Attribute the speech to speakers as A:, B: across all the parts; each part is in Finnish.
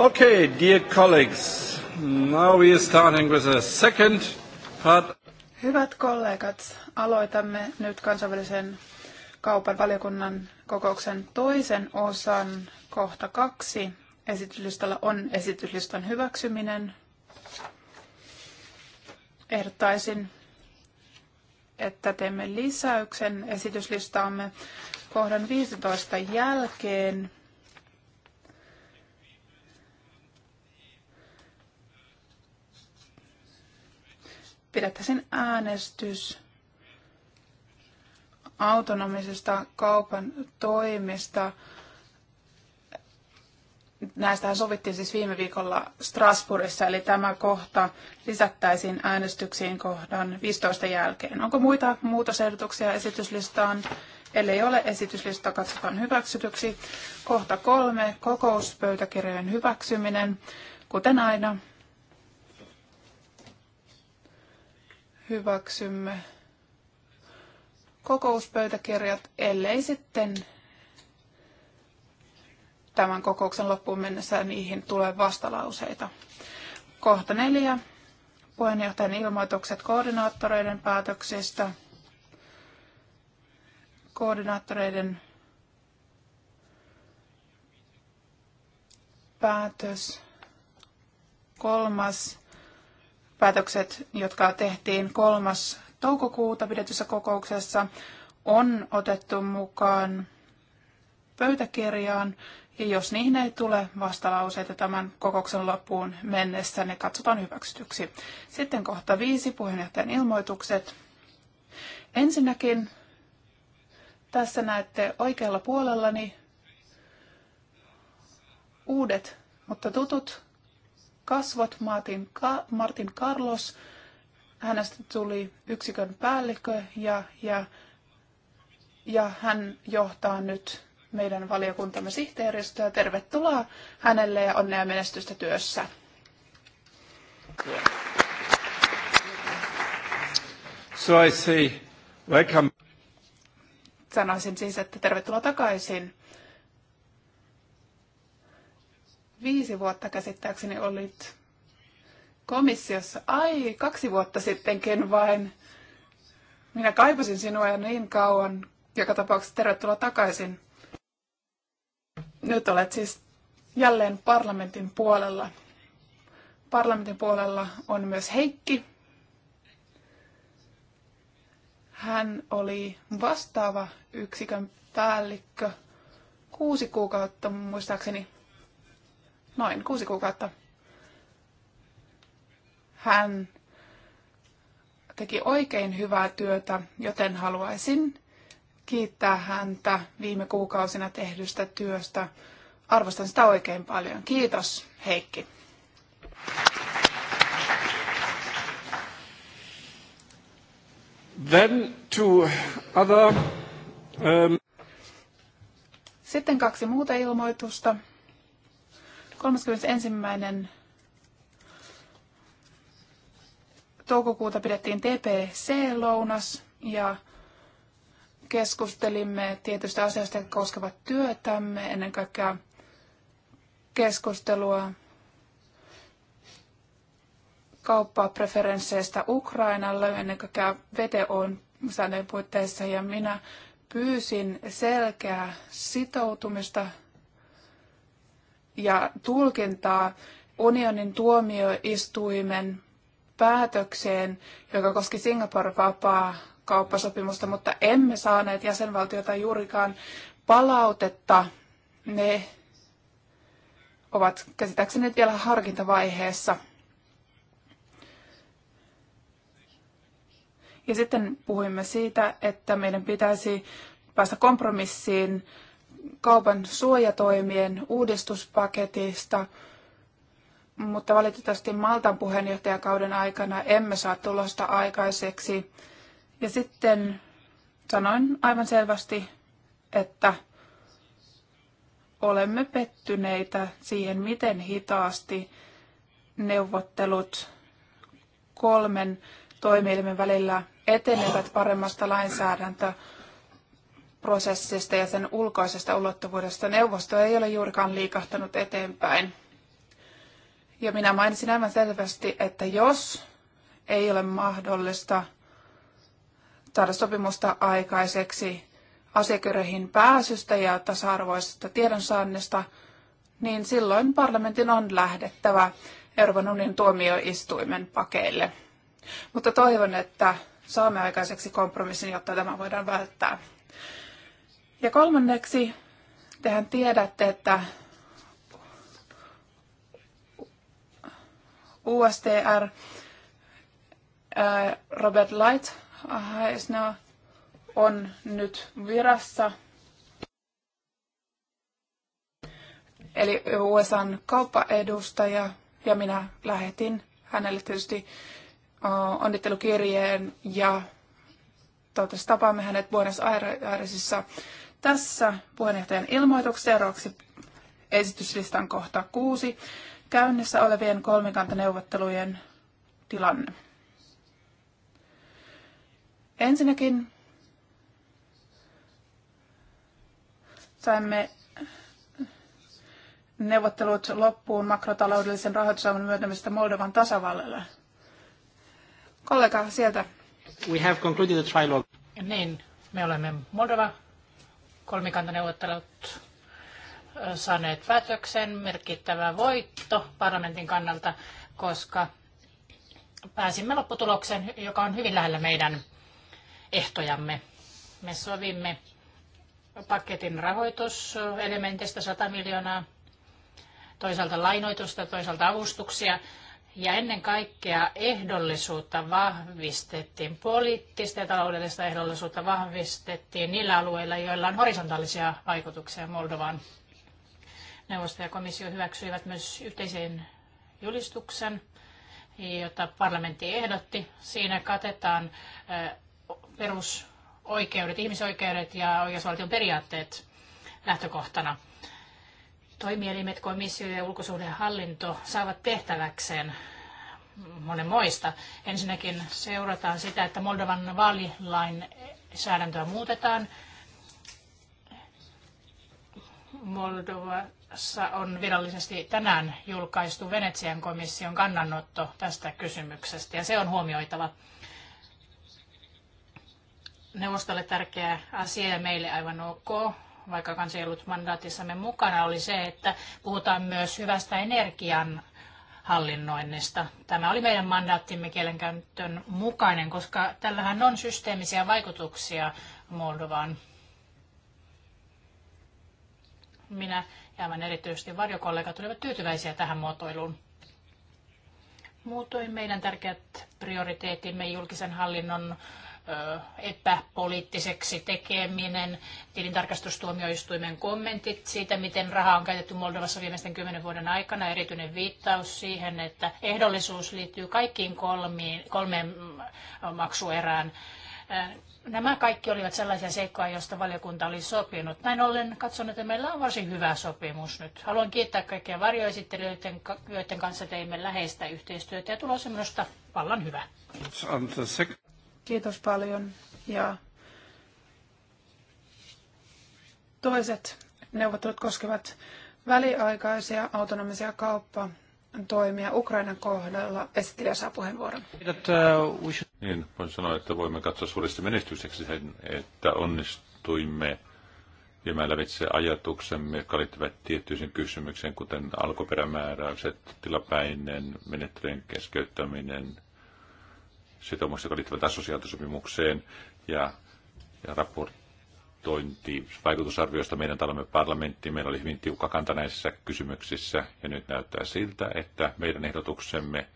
A: Okay, dear colleagues, now we are starting with the second part.
B: Hyvät kollegat, aloitamme nyt kansainvälisen kaupan valiokunnan kokouksen toisen osan kohta kaksi. Esityslistalla on esityslistan hyväksyminen. Ehdottaisin, että teemme lisäyksen esityslistaamme kohdan 15 jälkeen sen äänestys autonomisesta kaupan toimista. Näistähän sovittiin siis viime viikolla Strasbourgissa, eli tämä kohta lisättäisiin äänestyksiin kohdan 15 jälkeen. Onko muita muutosehdotuksia esityslistaan? Ellei ole, esityslista katsotaan hyväksytyksi. Kohta kolme, kokouspöytäkirjojen hyväksyminen. Kuten aina, hyväksymme kokouspöytäkirjat, ellei sitten tämän kokouksen loppuun mennessä niihin tulee vastalauseita. Kohta neljä. Puheenjohtajan ilmoitukset koordinaattoreiden päätöksistä. Koordinaattoreiden päätös kolmas päätökset, jotka tehtiin 3. toukokuuta pidetyssä kokouksessa, on otettu mukaan pöytäkirjaan, ja jos niihin ei tule vastalauseita tämän kokouksen loppuun mennessä, ne katsotaan hyväksytyksi. Sitten kohta viisi, puheenjohtajan ilmoitukset. Ensinnäkin tässä näette oikealla puolellani uudet, mutta tutut kasvot, Martin, Ka- Martin Carlos. Hänestä tuli yksikön päällikkö ja, ja, ja hän johtaa nyt meidän valiokuntamme sihteeristöä. Tervetuloa hänelle ja onnea menestystä työssä.
A: So I say, welcome.
B: Sanoisin siis, että tervetuloa takaisin viisi vuotta käsittääkseni olit komissiossa. Ai, kaksi vuotta sittenkin vain. Minä kaipasin sinua jo niin kauan. Joka tapauksessa tervetuloa takaisin. Nyt olet siis jälleen parlamentin puolella. Parlamentin puolella on myös Heikki. Hän oli vastaava yksikön päällikkö kuusi kuukautta muistaakseni noin kuusi kuukautta, hän teki oikein hyvää työtä, joten haluaisin kiittää häntä viime kuukausina tehdystä työstä. Arvostan sitä oikein paljon. Kiitos, Heikki.
A: Then to other, um...
B: Sitten kaksi muuta ilmoitusta. 31. toukokuuta pidettiin TPC-lounas ja keskustelimme tietystä asioista, jotka koskevat työtämme, ennen kaikkea keskustelua kauppapreferensseistä Ukrainalla ennen kaikkea VTOn sääntöjen puitteissa, ja minä pyysin selkeää sitoutumista ja tulkintaa unionin tuomioistuimen päätökseen, joka koski Singapore vapaa kauppasopimusta, mutta emme saaneet jäsenvaltiota juurikaan palautetta. Ne ovat käsittääkseni vielä harkintavaiheessa. Ja sitten puhuimme siitä, että meidän pitäisi päästä kompromissiin kaupan suojatoimien uudistuspaketista, mutta valitettavasti Maltan puheenjohtajakauden aikana emme saa tulosta aikaiseksi. Ja sitten sanoin aivan selvästi, että olemme pettyneitä siihen, miten hitaasti neuvottelut kolmen toimielimen välillä etenevät paremmasta lainsäädäntöä prosessista ja sen ulkoisesta ulottuvuudesta. Neuvosto ei ole juurikaan liikahtanut eteenpäin. Ja minä mainitsin aivan selvästi, että jos ei ole mahdollista saada sopimusta aikaiseksi asiakirjoihin pääsystä ja tasa-arvoisesta tiedonsaannista, niin silloin parlamentin on lähdettävä Euroopan unionin tuomioistuimen pakeille. Mutta toivon, että saamme aikaiseksi kompromissin, jotta tämä voidaan välttää. Ja kolmanneksi, tehän tiedätte, että USTR Robert Light on nyt virassa. Eli USAn kauppaedustaja ja minä lähetin hänelle tietysti onnittelukirjeen ja toivottavasti tapaamme hänet Buenos Airesissa tässä puheenjohtajan ilmoituksen seuraavaksi esityslistan kohta kuusi käynnissä olevien kolmikantaneuvottelujen tilanne. Ensinnäkin saimme neuvottelut loppuun makrotaloudellisen rahoitusavun myöntämisestä Moldovan tasavallalle. Kollega sieltä.
C: We have concluded the trilogue.
B: Niin, me
C: olemme Moldova kolmikantaneuvottelut saaneet päätöksen, merkittävä voitto parlamentin kannalta, koska pääsimme lopputulokseen, joka on hyvin lähellä meidän ehtojamme. Me sovimme paketin rahoituselementistä 100 miljoonaa, toisaalta lainoitusta, toisaalta avustuksia ja ennen kaikkea ehdollisuutta vahvistettiin, poliittista ja taloudellista ehdollisuutta vahvistettiin niillä alueilla, joilla on horisontaalisia vaikutuksia Moldovaan. Neuvosto ja komissio hyväksyivät myös yhteisen julistuksen, jota parlamentti ehdotti. Siinä katetaan perusoikeudet, ihmisoikeudet ja oikeusvaltion periaatteet lähtökohtana – toimielimet, komissio ja ulkosuhdehallinto saavat tehtäväkseen monenmoista. Ensinnäkin seurataan sitä, että Moldovan vaalilain säädäntöä muutetaan. Moldovassa on virallisesti tänään julkaistu Venetsian komission kannanotto tästä kysymyksestä ja se on huomioitava neuvostolle tärkeä asia ja meille aivan ok vaikka kansi ei ollut mandaatissamme mukana, oli se, että puhutaan myös hyvästä energian hallinnoinnista. Tämä oli meidän mandaattimme kielenkäyttön mukainen, koska tällähän on systeemisiä vaikutuksia Moldovaan. Minä ja aivan erityisesti varjokollegat olivat tyytyväisiä tähän muotoiluun. Muutoin meidän tärkeät prioriteettimme julkisen hallinnon epäpoliittiseksi tekeminen, tilintarkastustuomioistuimen kommentit siitä, miten rahaa on käytetty Moldovassa viimeisten kymmenen vuoden aikana, erityinen viittaus siihen, että ehdollisuus liittyy kaikkiin kolmiin, kolmeen maksuerään. Nämä kaikki olivat sellaisia seikkoja, joista valiokunta oli sopinut. Näin ollen katson, että meillä on varsin hyvä sopimus nyt. Haluan kiittää kaikkia varjoesittelijöiden, joiden kanssa teimme läheistä yhteistyötä ja tulos on minusta vallan hyvä.
B: Kiitos paljon ja toiset neuvottelut koskevat väliaikaisia autonomisia kauppatoimia Ukrainan kohdalla. Esittelijä saa puheenvuoron.
A: Uh, niin, voin sanoa, että voimme katsoa suuresti menestykseksi sen, että onnistuimme viemään lävitse ajatuksemme, jotka liittyvät tiettyisiin kysymykseen, kuten alkuperämääräykset, tilapäinen menettelyjen keskeyttäminen, sitoumukset, jotka liittyvät assosiaatiosopimukseen ja, ja raportointi vaikutusarvioista meidän talomme parlamenttiin. Meillä oli hyvin tiukka kanta näissä kysymyksissä ja nyt näyttää siltä, että meidän ehdotuksemme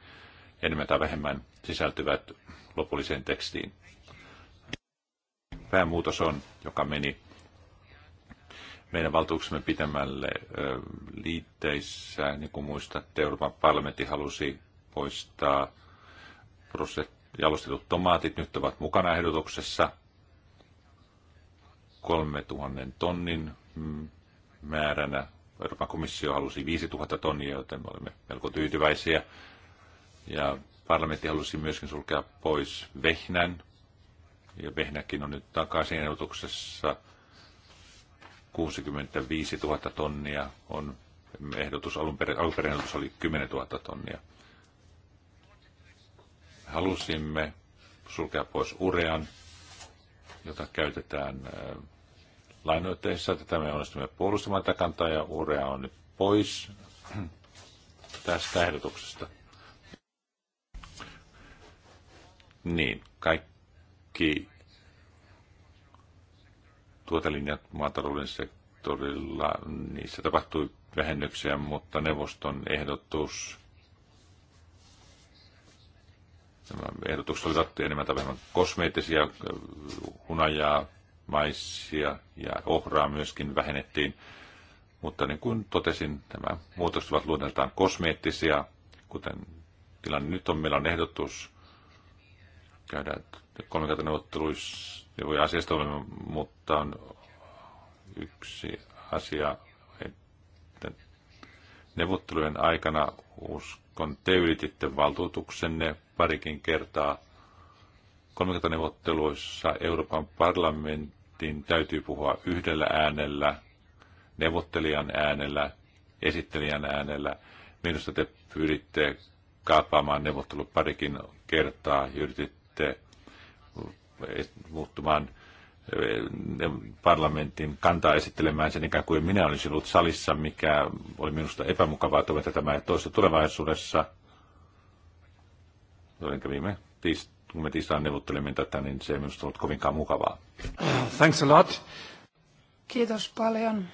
A: enemmän tai vähemmän sisältyvät lopulliseen tekstiin. Päämuutos on, joka meni meidän valtuuksemme pitämälle liitteissä, niin kuin muistatte, Euroopan parlamentti halusi poistaa jalostetut tomaatit nyt ovat mukana ehdotuksessa 3000 tonnin mm, määränä. Euroopan komissio halusi 5000 tonnia, joten me olemme melko tyytyväisiä. Ja parlamentti halusi myöskin sulkea pois vehnän. Ja vehnäkin on nyt takaisin ehdotuksessa. 65 000 tonnia on ehdotus, alun perin, alun perin ehdotus oli 10 000 tonnia. Halusimme sulkea pois urean, jota käytetään äh, lainoitteissa. Tätä me onnistumme puolustamaan tätä kantaa ja urea on nyt pois tästä ehdotuksesta. Niin, kaikki tuotelinjat maatalouden sektorilla, niissä tapahtui vähennyksiä, mutta neuvoston ehdotus Nämä ehdotukset olivat enemmän tai vähemmän kosmeettisia, hunajaa, maissia ja ohraa myöskin vähennettiin. Mutta niin kuin totesin, nämä muutokset ovat luonteeltaan kosmeettisia, kuten tilanne nyt on. Meillä on ehdotus käydä kolmikantaneuvotteluissa asiasta, olla, mutta on yksi asia, että neuvottelujen aikana uskon te ylititte valtuutuksenne parikin kertaa. neuvotteluissa Euroopan parlamentin täytyy puhua yhdellä äänellä, neuvottelijan äänellä, esittelijän äänellä. Minusta te pyritte kaapaamaan neuvottelut parikin kertaa ja yrititte muuttumaan eh, parlamentin kantaa esittelemään sen ikään kuin minä olisin ollut salissa, mikä oli minusta epämukavaa toivota tämä toista tulevaisuudessa joiden no, kävimme tiist- kun me tiistaina neuvottelimme tätä, niin se ei minusta ollut kovinkaan mukavaa. Thanks a lot.
B: Kiitos paljon.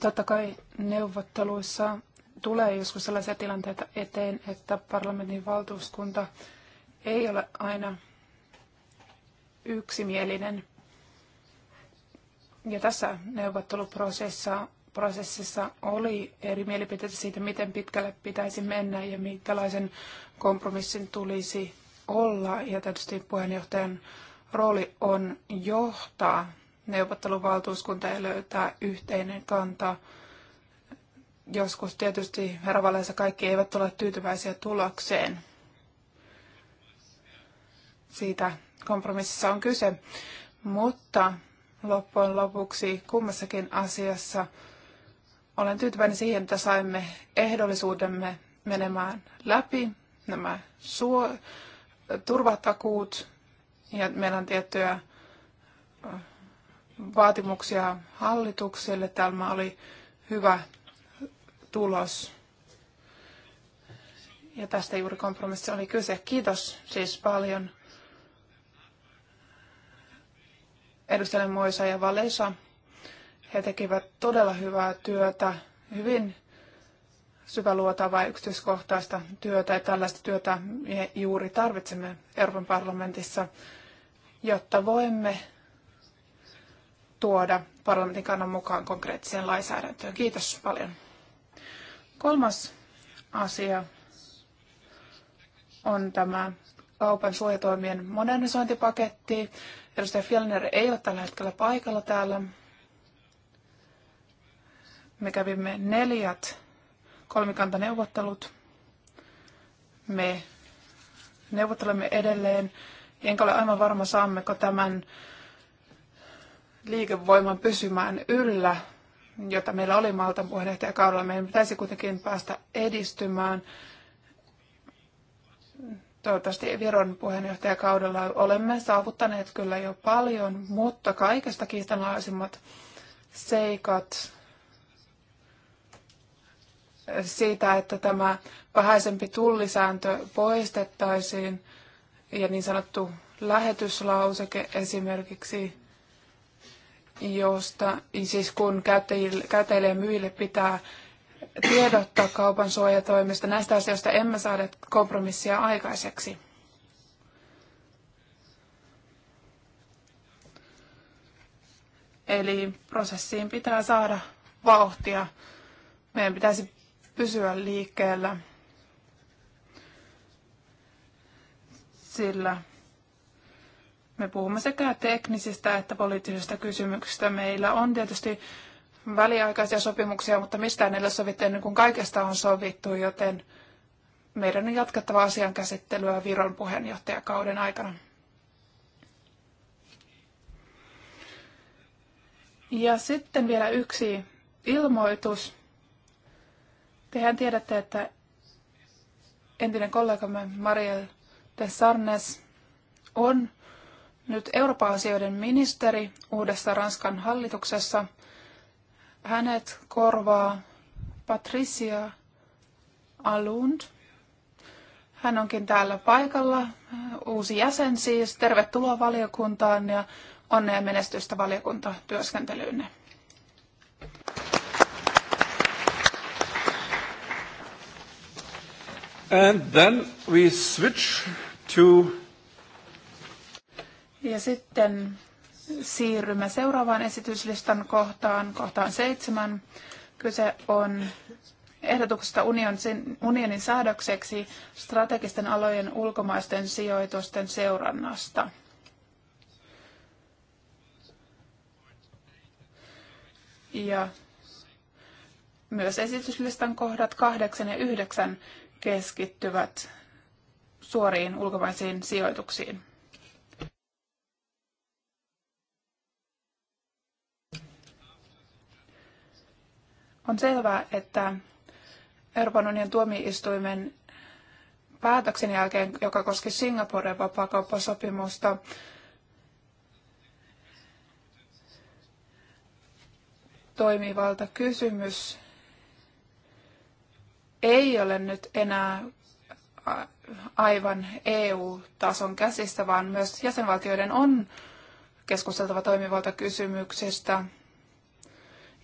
B: Totta kai neuvotteluissa tulee joskus sellaisia tilanteita eteen, että parlamentin valtuuskunta ei ole aina yksimielinen. Ja tässä neuvotteluprosessissa prosessissa oli eri mielipiteitä siitä, miten pitkälle pitäisi mennä ja minkälaisen kompromissin tulisi olla. Ja tietysti puheenjohtajan rooli on johtaa neuvotteluvaltuuskunta ja löytää yhteinen kanta. Joskus tietysti herravaleissa kaikki eivät ole tyytyväisiä tulokseen. Siitä kompromississa on kyse. Mutta loppujen lopuksi kummassakin asiassa – olen tyytyväinen siihen, että saimme ehdollisuutemme menemään läpi, nämä suo- turvatakuut, ja meillä on tiettyjä äh, vaatimuksia hallitukselle. Tämä oli hyvä tulos. Ja tästä juuri kompromissi oli kyse. Kiitos siis paljon edustajille Moisa ja Valesa. He tekivät todella hyvää työtä, hyvin syväluotavaa yksityiskohtaista työtä ja tällaista työtä me juuri tarvitsemme Euroopan parlamentissa, jotta voimme tuoda parlamentin kannan mukaan konkreettiseen lainsäädäntöön. Kiitos paljon. Kolmas asia on tämä kaupan suojatoimien modernisointipaketti. Edustaja Fjellner ei ole tällä hetkellä paikalla täällä, me kävimme neljät kolmikantaneuvottelut. Me neuvottelemme edelleen. Enkä ole aivan varma, saammeko tämän liikevoiman pysymään yllä, jota meillä oli Maltan puheenjohtajakaudella. Meidän pitäisi kuitenkin päästä edistymään. Toivottavasti Viron puheenjohtajakaudella olemme saavuttaneet kyllä jo paljon, mutta kaikesta kiistanlaisimmat seikat siitä, että tämä vähäisempi tullisääntö poistettaisiin ja niin sanottu lähetyslauseke esimerkiksi, josta siis kun käyttäjille, käyttäjille ja myyjille pitää tiedottaa kaupan suojatoimista. Näistä asioista emme saa kompromissia aikaiseksi. Eli prosessiin pitää saada vauhtia. Meidän pitäisi pysyä liikkeellä, sillä me puhumme sekä teknisistä että poliittisista kysymyksistä. Meillä on tietysti väliaikaisia sopimuksia, mutta mistään ei ole sovittu ennen kuin kaikesta on sovittu, joten meidän on jatkettava asian käsittelyä Viron puheenjohtajakauden aikana. Ja sitten vielä yksi ilmoitus. Tehän tiedätte, että entinen kollegamme Maria de Sarnes on nyt Euroopan asioiden ministeri uudessa Ranskan hallituksessa. Hänet korvaa Patricia Alund. Hän onkin täällä paikalla, uusi jäsen siis. Tervetuloa valiokuntaan ja onnea menestystä valiokuntatyöskentelyynne.
A: And then we switch to...
B: Ja sitten siirrymme seuraavaan esityslistan kohtaan, kohtaan seitsemän. Kyse on ehdotuksesta unionin säädökseksi strategisten alojen ulkomaisten sijoitusten seurannasta. Ja myös esityslistan kohdat kahdeksan ja yhdeksän keskittyvät suoriin ulkomaisiin sijoituksiin. On selvää, että Euroopan unionin tuomioistuimen päätöksen jälkeen, joka koski Singaporen vapaakauppasopimusta, toimivalta kysymys ei ole nyt enää aivan EU-tason käsissä, vaan myös jäsenvaltioiden on keskusteltava toimivaltakysymyksistä.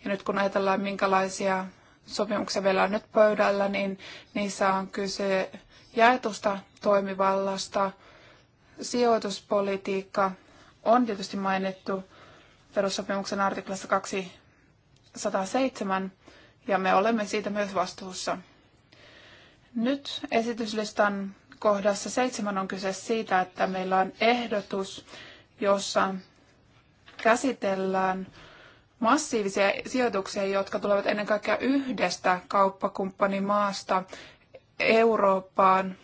B: Ja nyt kun ajatellaan, minkälaisia sopimuksia meillä on nyt pöydällä, niin niissä on kyse jaetusta toimivallasta. Sijoituspolitiikka on tietysti mainittu perussopimuksen artiklassa 207, ja me olemme siitä myös vastuussa. Nyt esityslistan kohdassa seitsemän on kyse siitä, että meillä on ehdotus, jossa käsitellään massiivisia sijoituksia, jotka tulevat ennen kaikkea yhdestä kauppakumppanimaasta Eurooppaan.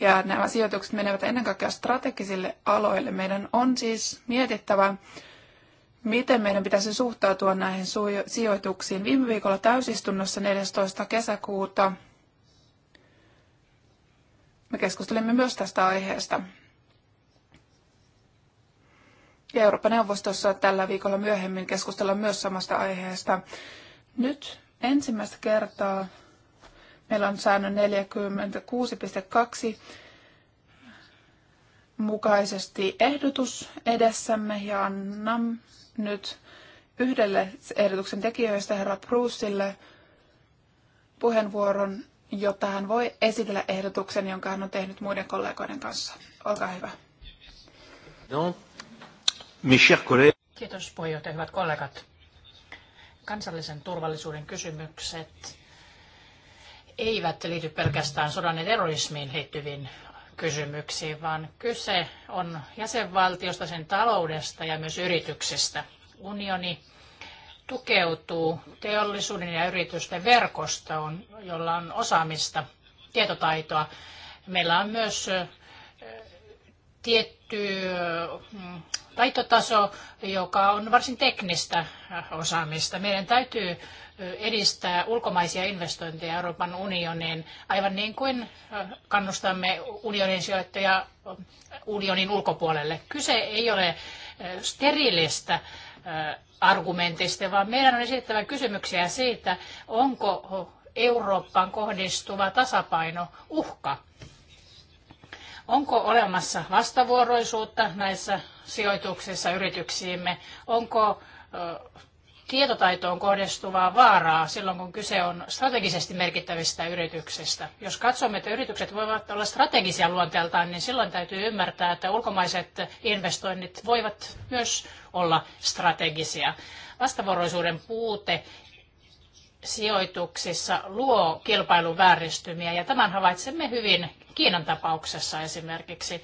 B: Ja nämä sijoitukset menevät ennen kaikkea strategisille aloille. Meidän on siis mietittävä, miten meidän pitäisi suhtautua näihin sijoituksiin. Viime viikolla täysistunnossa 14. kesäkuuta me keskustelimme myös tästä aiheesta. Ja Euroopan neuvostossa tällä viikolla myöhemmin keskustellaan myös samasta aiheesta. Nyt ensimmäistä kertaa meillä on säännön 46.2 mukaisesti ehdotus edessämme ja annan nyt yhdelle ehdotuksen tekijöistä, herra Bruceille, puheenvuoron jotta hän voi esitellä ehdotuksen, jonka hän on tehnyt muiden kollegoiden kanssa. Olkaa hyvä.
C: Kiitos puheenjohtaja, hyvät kollegat. Kansallisen turvallisuuden kysymykset eivät liity pelkästään sodan ja terrorismiin liittyviin kysymyksiin, vaan kyse on jäsenvaltiosta, sen taloudesta ja myös yrityksistä. Unioni tukeutuu teollisuuden ja yritysten verkostoon, jolla on osaamista, tietotaitoa. Meillä on myös tietty mm, taitotaso, joka on varsin teknistä osaamista. Meidän täytyy edistää ulkomaisia investointeja Euroopan unioniin, aivan niin kuin kannustamme unionin sijoittajia unionin ulkopuolelle. Kyse ei ole sterilistä argumentista, vaan meidän on esittävä kysymyksiä siitä, onko Eurooppaan kohdistuva tasapaino uhka. Onko olemassa vastavuoroisuutta näissä sijoituksissa yrityksiimme? Onko tietotaitoon kohdistuvaa vaaraa silloin, kun kyse on strategisesti merkittävistä yrityksistä. Jos katsomme, että yritykset voivat olla strategisia luonteeltaan, niin silloin täytyy ymmärtää, että ulkomaiset investoinnit voivat myös olla strategisia. Vastavuoroisuuden puute sijoituksissa luo kilpailuvääristymiä ja tämän havaitsemme hyvin Kiinan tapauksessa esimerkiksi.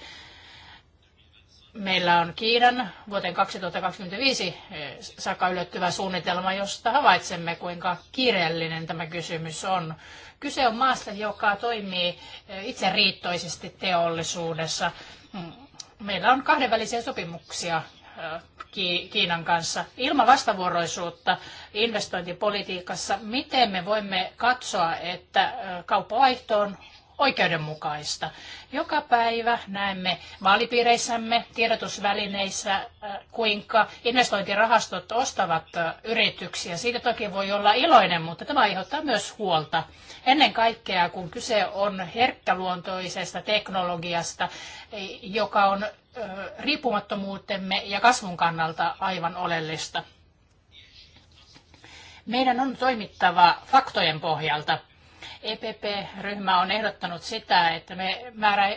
C: Meillä on Kiinan vuoteen 2025 eh, saakka ylöttyvä suunnitelma, josta havaitsemme, kuinka kiireellinen tämä kysymys on. Kyse on maasta, joka toimii eh, itse riittoisesti teollisuudessa. Mm, meillä on kahdenvälisiä sopimuksia eh, Kiinan kanssa ilman vastavuoroisuutta investointipolitiikassa. Miten me voimme katsoa, että kauppavaihto on oikeudenmukaista. Joka päivä näemme vaalipiireissämme, tiedotusvälineissä, äh, kuinka investointirahastot ostavat äh, yrityksiä. Siitä toki voi olla iloinen, mutta tämä aiheuttaa myös huolta. Ennen kaikkea, kun kyse on herkkäluontoisesta teknologiasta, joka on äh, riippumattomuutemme ja kasvun kannalta aivan oleellista. Meidän on toimittava faktojen pohjalta EPP-ryhmä on ehdottanut sitä, että me määrä,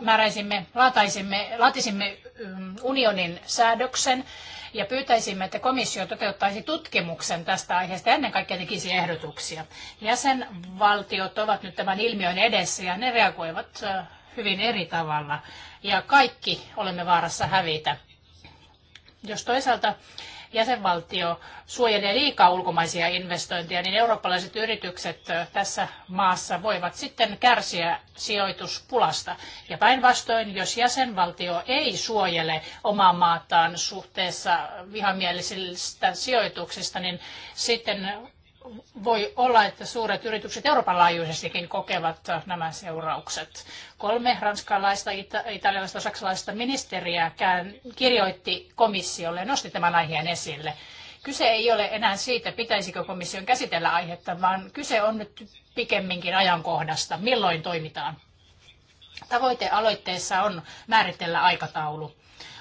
C: määräisimme, laataisimme, laatisimme mm, unionin säädöksen ja pyytäisimme, että komissio toteuttaisi tutkimuksen tästä aiheesta ja ennen kaikkea tekisi ehdotuksia. Jäsenvaltiot ovat nyt tämän ilmiön edessä ja ne reagoivat hyvin eri tavalla ja kaikki olemme vaarassa hävitä. Jos toisaalta jäsenvaltio suojelee liikaa ulkomaisia investointeja, niin eurooppalaiset yritykset tässä maassa voivat sitten kärsiä sijoituspulasta. Ja päinvastoin, jos jäsenvaltio ei suojele omaa maataan suhteessa vihamielisistä sijoituksista, niin sitten voi olla, että suuret yritykset Euroopan laajuisestikin kokevat nämä seuraukset. Kolme ranskalaista, ita- italialaista, saksalaista ministeriä kirjoitti komissiolle ja nosti tämän aiheen esille. Kyse ei ole enää siitä, pitäisikö komission käsitellä aihetta, vaan kyse on nyt pikemminkin ajankohdasta, milloin toimitaan. Tavoite aloitteessa on määritellä aikataulu.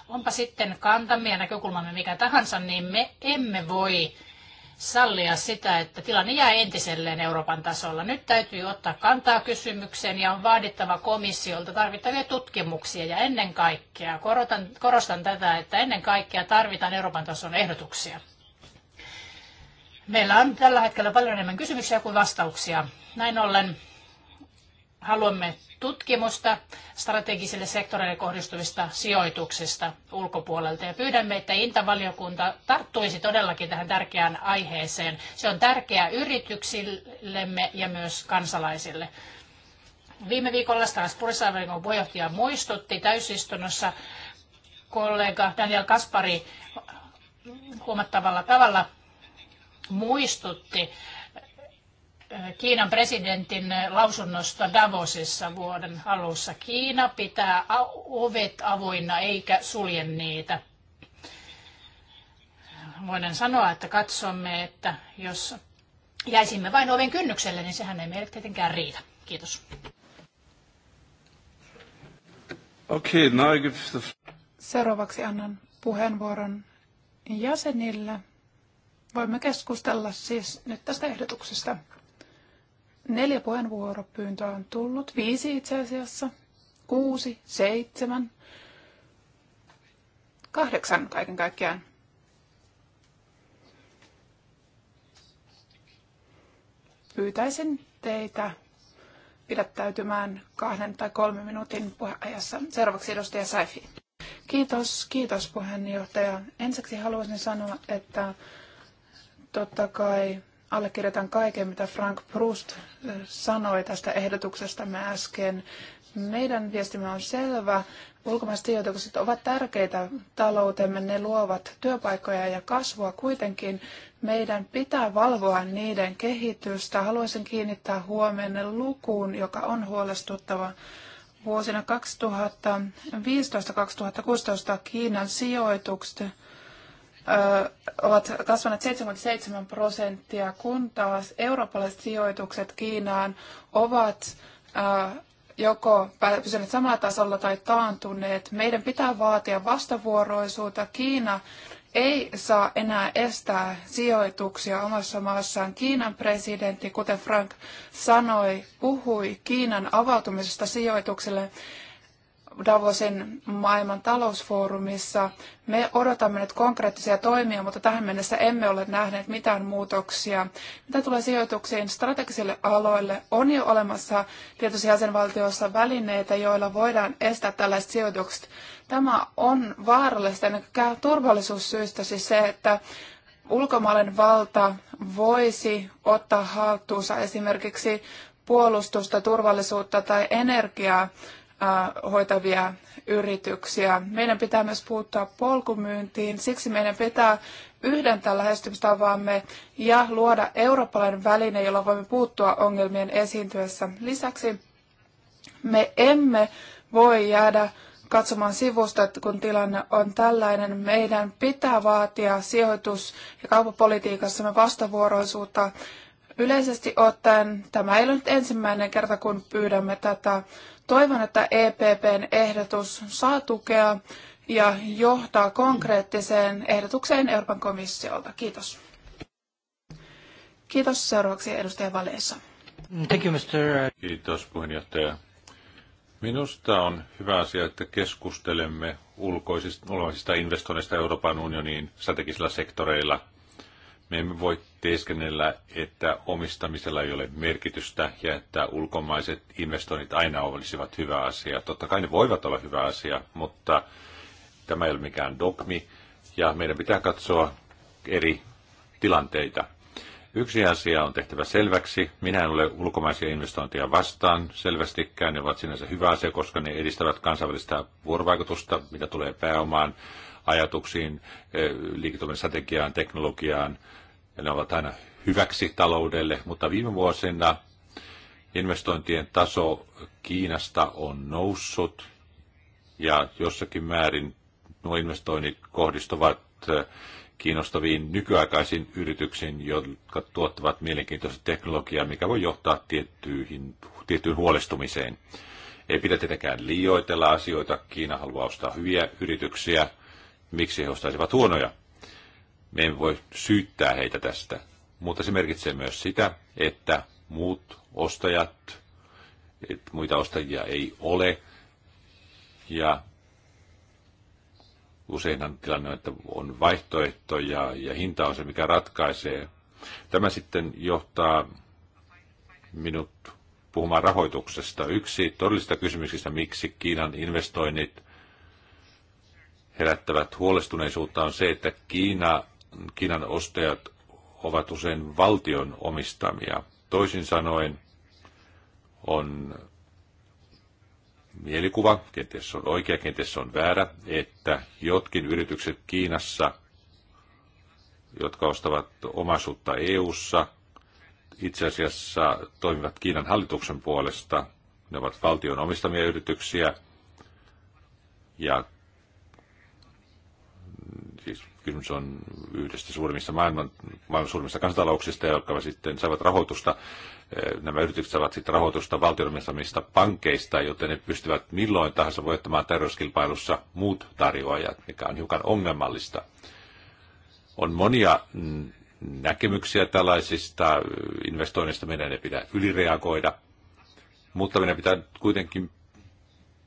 C: Onpa sitten kantamme ja näkökulmamme mikä tahansa, niin me emme voi sallia sitä, että tilanne jää entiselleen Euroopan tasolla. Nyt täytyy ottaa kantaa kysymykseen ja on vaadittava komissiolta tarvittavia tutkimuksia ja ennen kaikkea, korotan, korostan tätä, että ennen kaikkea tarvitaan Euroopan tason ehdotuksia. Meillä on tällä hetkellä paljon enemmän kysymyksiä kuin vastauksia. Näin ollen haluamme tutkimusta strategisille sektoreille kohdistuvista sijoituksista ulkopuolelta ja pyydämme, että Intavaliokunta tarttuisi todellakin tähän tärkeään aiheeseen. Se on tärkeää yrityksillemme ja myös kansalaisille. Viime viikolla Strasbourgissa Amerikan puheenjohtaja muistutti täysistunnossa kollega Daniel Kaspari huomattavalla tavalla muistutti Kiinan presidentin lausunnosta Davosissa vuoden alussa. Kiina pitää ovet avoinna eikä sulje niitä. Voin sanoa, että katsomme, että jos jäisimme vain oven kynnykselle, niin sehän ei meille tietenkään riitä. Kiitos. Okay, now I give the...
B: Seuraavaksi annan puheenvuoron jäsenille. Voimme keskustella siis nyt tästä ehdotuksesta. Neljä puheenvuoropyyntöä on tullut, viisi itse asiassa, kuusi, seitsemän, kahdeksan kaiken kaikkiaan. Pyytäisin teitä pidättäytymään kahden tai kolmen minuutin puheajassa. Seuraavaksi edustaja Saifi. Kiitos, kiitos puheenjohtaja. Ensiksi haluaisin sanoa, että totta kai allekirjoitan kaiken, mitä Frank Proust eh, sanoi tästä ehdotuksestamme äsken. Meidän viestimme on selvä. Ulkomaiset sijoitukset ovat tärkeitä taloutemme. Ne luovat työpaikkoja ja kasvua kuitenkin. Meidän pitää valvoa niiden kehitystä. Haluaisin kiinnittää huomioon lukuun, joka on huolestuttava. Vuosina 2015-2016 Kiinan sijoitukset ovat kasvaneet 77 prosenttia, kun taas eurooppalaiset sijoitukset Kiinaan ovat joko pysyneet samalla tasolla tai taantuneet. Meidän pitää vaatia vastavuoroisuutta. Kiina ei saa enää estää sijoituksia omassa maassaan. Kiinan presidentti, kuten Frank sanoi, puhui Kiinan avautumisesta sijoitukselle. Davosin maailman talousfoorumissa. Me odotamme nyt konkreettisia toimia, mutta tähän mennessä emme ole nähneet mitään muutoksia. Mitä tulee sijoituksiin strategisille aloille, on jo olemassa tietysti jäsenvaltioissa välineitä, joilla voidaan estää tällaiset sijoitukset. Tämä on vaarallista ennen kaikkea turvallisuussyistä, siis se, että ulkomaalainen valta voisi ottaa haltuunsa esimerkiksi puolustusta, turvallisuutta tai energiaa hoitavia yrityksiä. Meidän pitää myös puuttua polkumyyntiin, siksi meidän pitää yhdentää lähestymistavaamme ja luoda eurooppalainen väline, jolla voimme puuttua ongelmien esiintyessä. Lisäksi me emme voi jäädä katsomaan sivusta, että kun tilanne on tällainen, meidän pitää vaatia sijoitus- ja kauppapolitiikassamme vastavuoroisuutta Yleisesti ottaen tämä ei ole nyt ensimmäinen kerta, kun pyydämme tätä. Toivon, että EPPn ehdotus saa tukea ja johtaa konkreettiseen ehdotukseen Euroopan komissiolta. Kiitos. Kiitos. Seuraavaksi edustaja Valeessa.
A: Thank you, Mr. Kiitos puheenjohtaja. Minusta on hyvä asia, että keskustelemme ulkoisista, ulkoisista investoinneista Euroopan unioniin strategisilla sektoreilla – me emme voi teeskennellä, että omistamisella ei ole merkitystä ja että ulkomaiset investoinnit aina olisivat hyvä asia. Totta kai ne voivat olla hyvä asia, mutta tämä ei ole mikään dogmi ja meidän pitää katsoa eri tilanteita. Yksi asia on tehtävä selväksi. Minä en ole ulkomaisia investointeja vastaan selvästikään. Ne ovat sinänsä hyvä asia, koska ne edistävät kansainvälistä vuorovaikutusta, mitä tulee pääomaan, ajatuksiin, eh, liiketoiminnan strategiaan, teknologiaan, ja ne ovat aina hyväksi taloudelle, mutta viime vuosina investointien taso Kiinasta on noussut ja jossakin määrin nuo investoinnit kohdistuvat eh, kiinnostaviin nykyaikaisiin yrityksiin, jotka tuottavat mielenkiintoista teknologiaa, mikä voi johtaa tiettyihin, tiettyyn huolestumiseen. Ei pidä tietenkään liioitella asioita. Kiina haluaa ostaa hyviä yrityksiä. Miksi he ostaisivat huonoja? Me emme voi syyttää heitä tästä, mutta se merkitsee myös sitä, että muut ostajat, että muita ostajia ei ole. Ja useinhan tilanne on, että on vaihtoehto ja, ja hinta on se, mikä ratkaisee. Tämä sitten johtaa minut puhumaan rahoituksesta. Yksi todellisista kysymyksistä, miksi Kiinan investoinnit herättävät huolestuneisuutta, on se, että Kiina Kiinan ostajat ovat usein valtion omistamia. Toisin sanoen on mielikuva, kenties se on oikea, kenties se on väärä, että jotkin yritykset Kiinassa, jotka ostavat omaisuutta EU-ssa, itse asiassa toimivat Kiinan hallituksen puolesta. Ne ovat valtion omistamia yrityksiä ja siis kysymys on yhdestä suurimmista maailman, maailman suurimmista kansantalouksista, jotka sitten saavat rahoitusta, eh, nämä yritykset saavat sitten rahoitusta valtionomistamista pankeista, joten ne pystyvät milloin tahansa voittamaan tarjouskilpailussa muut tarjoajat, mikä on hiukan ongelmallista. On monia näkemyksiä tällaisista eh, investoinnista, meidän ei pidä ylireagoida, mutta meidän pitää kuitenkin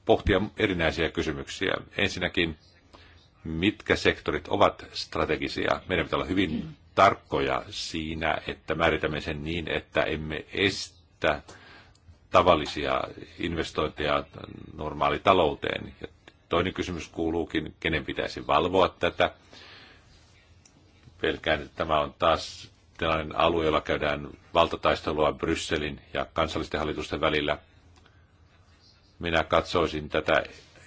A: pohtia erinäisiä kysymyksiä. Ensinnäkin mitkä sektorit ovat strategisia. Meidän pitää olla hyvin mm. tarkkoja siinä, että määritämme sen niin, että emme estä tavallisia investointeja normaalitalouteen. Ja toinen kysymys kuuluukin, kenen pitäisi valvoa tätä. Pelkään, että tämä on taas tällainen alue, jolla käydään valtataistelua Brysselin ja kansallisten hallitusten välillä. Minä katsoisin tätä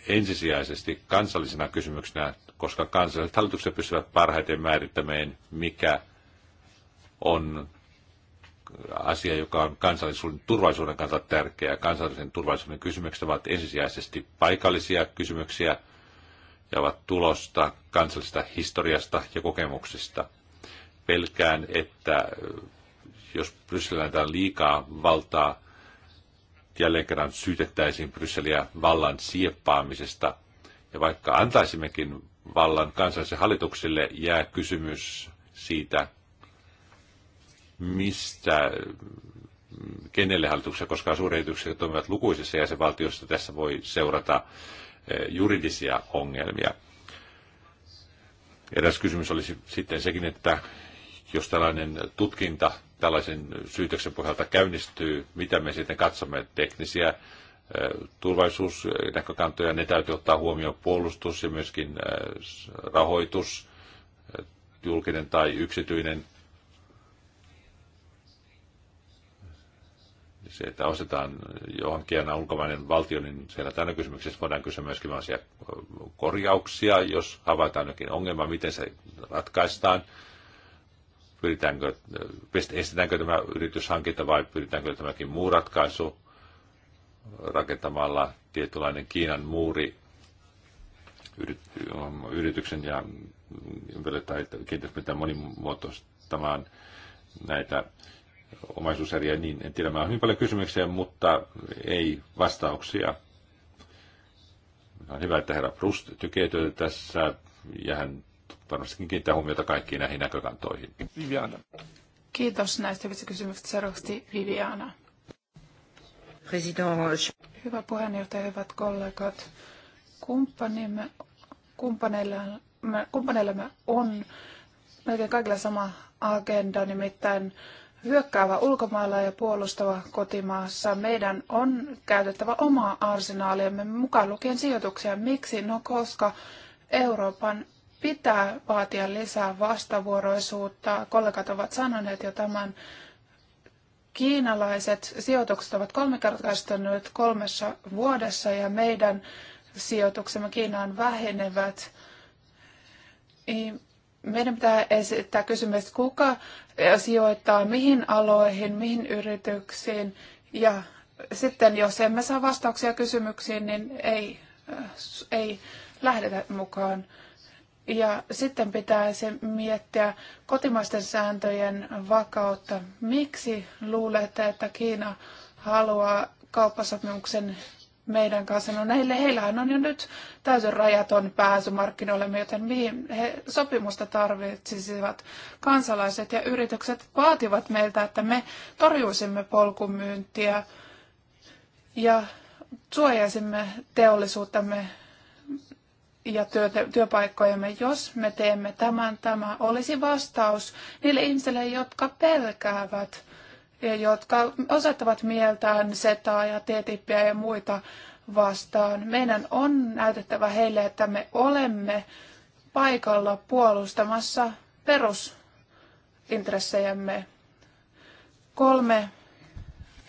A: ensisijaisesti kansallisena kysymyksenä koska kansalliset hallitukset pystyvät parhaiten määrittämään, mikä on asia, joka on kansallisuuden turvallisuuden kannalta tärkeä. Kansallisen turvallisuuden kysymykset ovat ensisijaisesti paikallisia kysymyksiä ja ovat tulosta kansallisesta historiasta ja kokemuksista. Pelkään, että äh, jos Brysselillä annetaan liikaa valtaa, jälleen kerran syytettäisiin Brysseliä vallan sieppaamisesta. Ja vaikka antaisimmekin vallan kansalliselle hallituksille jää kysymys siitä, mistä, kenelle hallituksessa, koska suuryrityksiä toimivat lukuisissa jäsenvaltioissa, tässä voi seurata eh, juridisia ongelmia. Eräs kysymys olisi sitten sekin, että jos tällainen tutkinta tällaisen syytöksen pohjalta käynnistyy, mitä me sitten katsomme, teknisiä turvallisuusnäkökantoja, ne täytyy ottaa huomioon puolustus ja myöskin rahoitus, julkinen tai yksityinen. Se, että ostetaan johonkin aina ulkomainen valtio, niin siellä tänä kysymyksessä voidaan kysyä myöskin korjauksia, jos havaitaan jokin ongelma, miten se ratkaistaan pyritäänkö, estetäänkö tämä yrityshankinta vai pyritäänkö tämäkin muu ratkaisu rakentamalla tietynlainen Kiinan muuri yrityksen ja ympärille tai kiinteistömitään monimuotoistamaan näitä omaisuuseriä, niin en tiedä, mä on hyvin paljon kysymyksiä, mutta ei vastauksia. On hyvä, että herra Prust tykee tässä ja hän varmastikin kiinnittää huomiota kaikkiin näihin näkökantoihin. Viviana.
B: Kiitos näistä hyvistä kysymyksistä. Seuraavaksi Viviana. Hyvä puheenjohtaja, hyvät kollegat. kumppaneillamme, kumppaneillamme on melkein kaikilla sama agenda, nimittäin hyökkäävä ulkomailla ja puolustava kotimaassa. Meidän on käytettävä omaa arsenaaliamme mukaan lukien sijoituksia. Miksi? No koska Euroopan pitää vaatia lisää vastavuoroisuutta. Kollegat ovat sanoneet jo tämän. Kiinalaiset sijoitukset ovat kolmikertaistuneet kolmessa vuodessa ja meidän sijoituksemme Kiinaan vähenevät. Meidän pitää esittää kysymys, kuka sijoittaa mihin aloihin, mihin yrityksiin ja sitten jos emme saa vastauksia kysymyksiin, niin ei, äh, ei lähdetä mukaan. Ja sitten pitäisi miettiä kotimaisten sääntöjen vakautta. Miksi luulette, että Kiina haluaa kauppasopimuksen meidän kanssa? No näille, heillähän on jo nyt täysin rajaton pääsy markkinoille, joten mihin he sopimusta tarvitsisivat kansalaiset ja yritykset vaativat meiltä, että me torjuisimme polkumyyntiä ja suojaisimme teollisuuttamme ja työpaikkojemme, jos me teemme tämän. Tämä olisi vastaus niille ihmisille, jotka pelkäävät ja jotka osoittavat mieltään setaa ja teetippiä ja muita vastaan. Meidän on näytettävä heille, että me olemme paikalla puolustamassa perusintressejämme. Kolme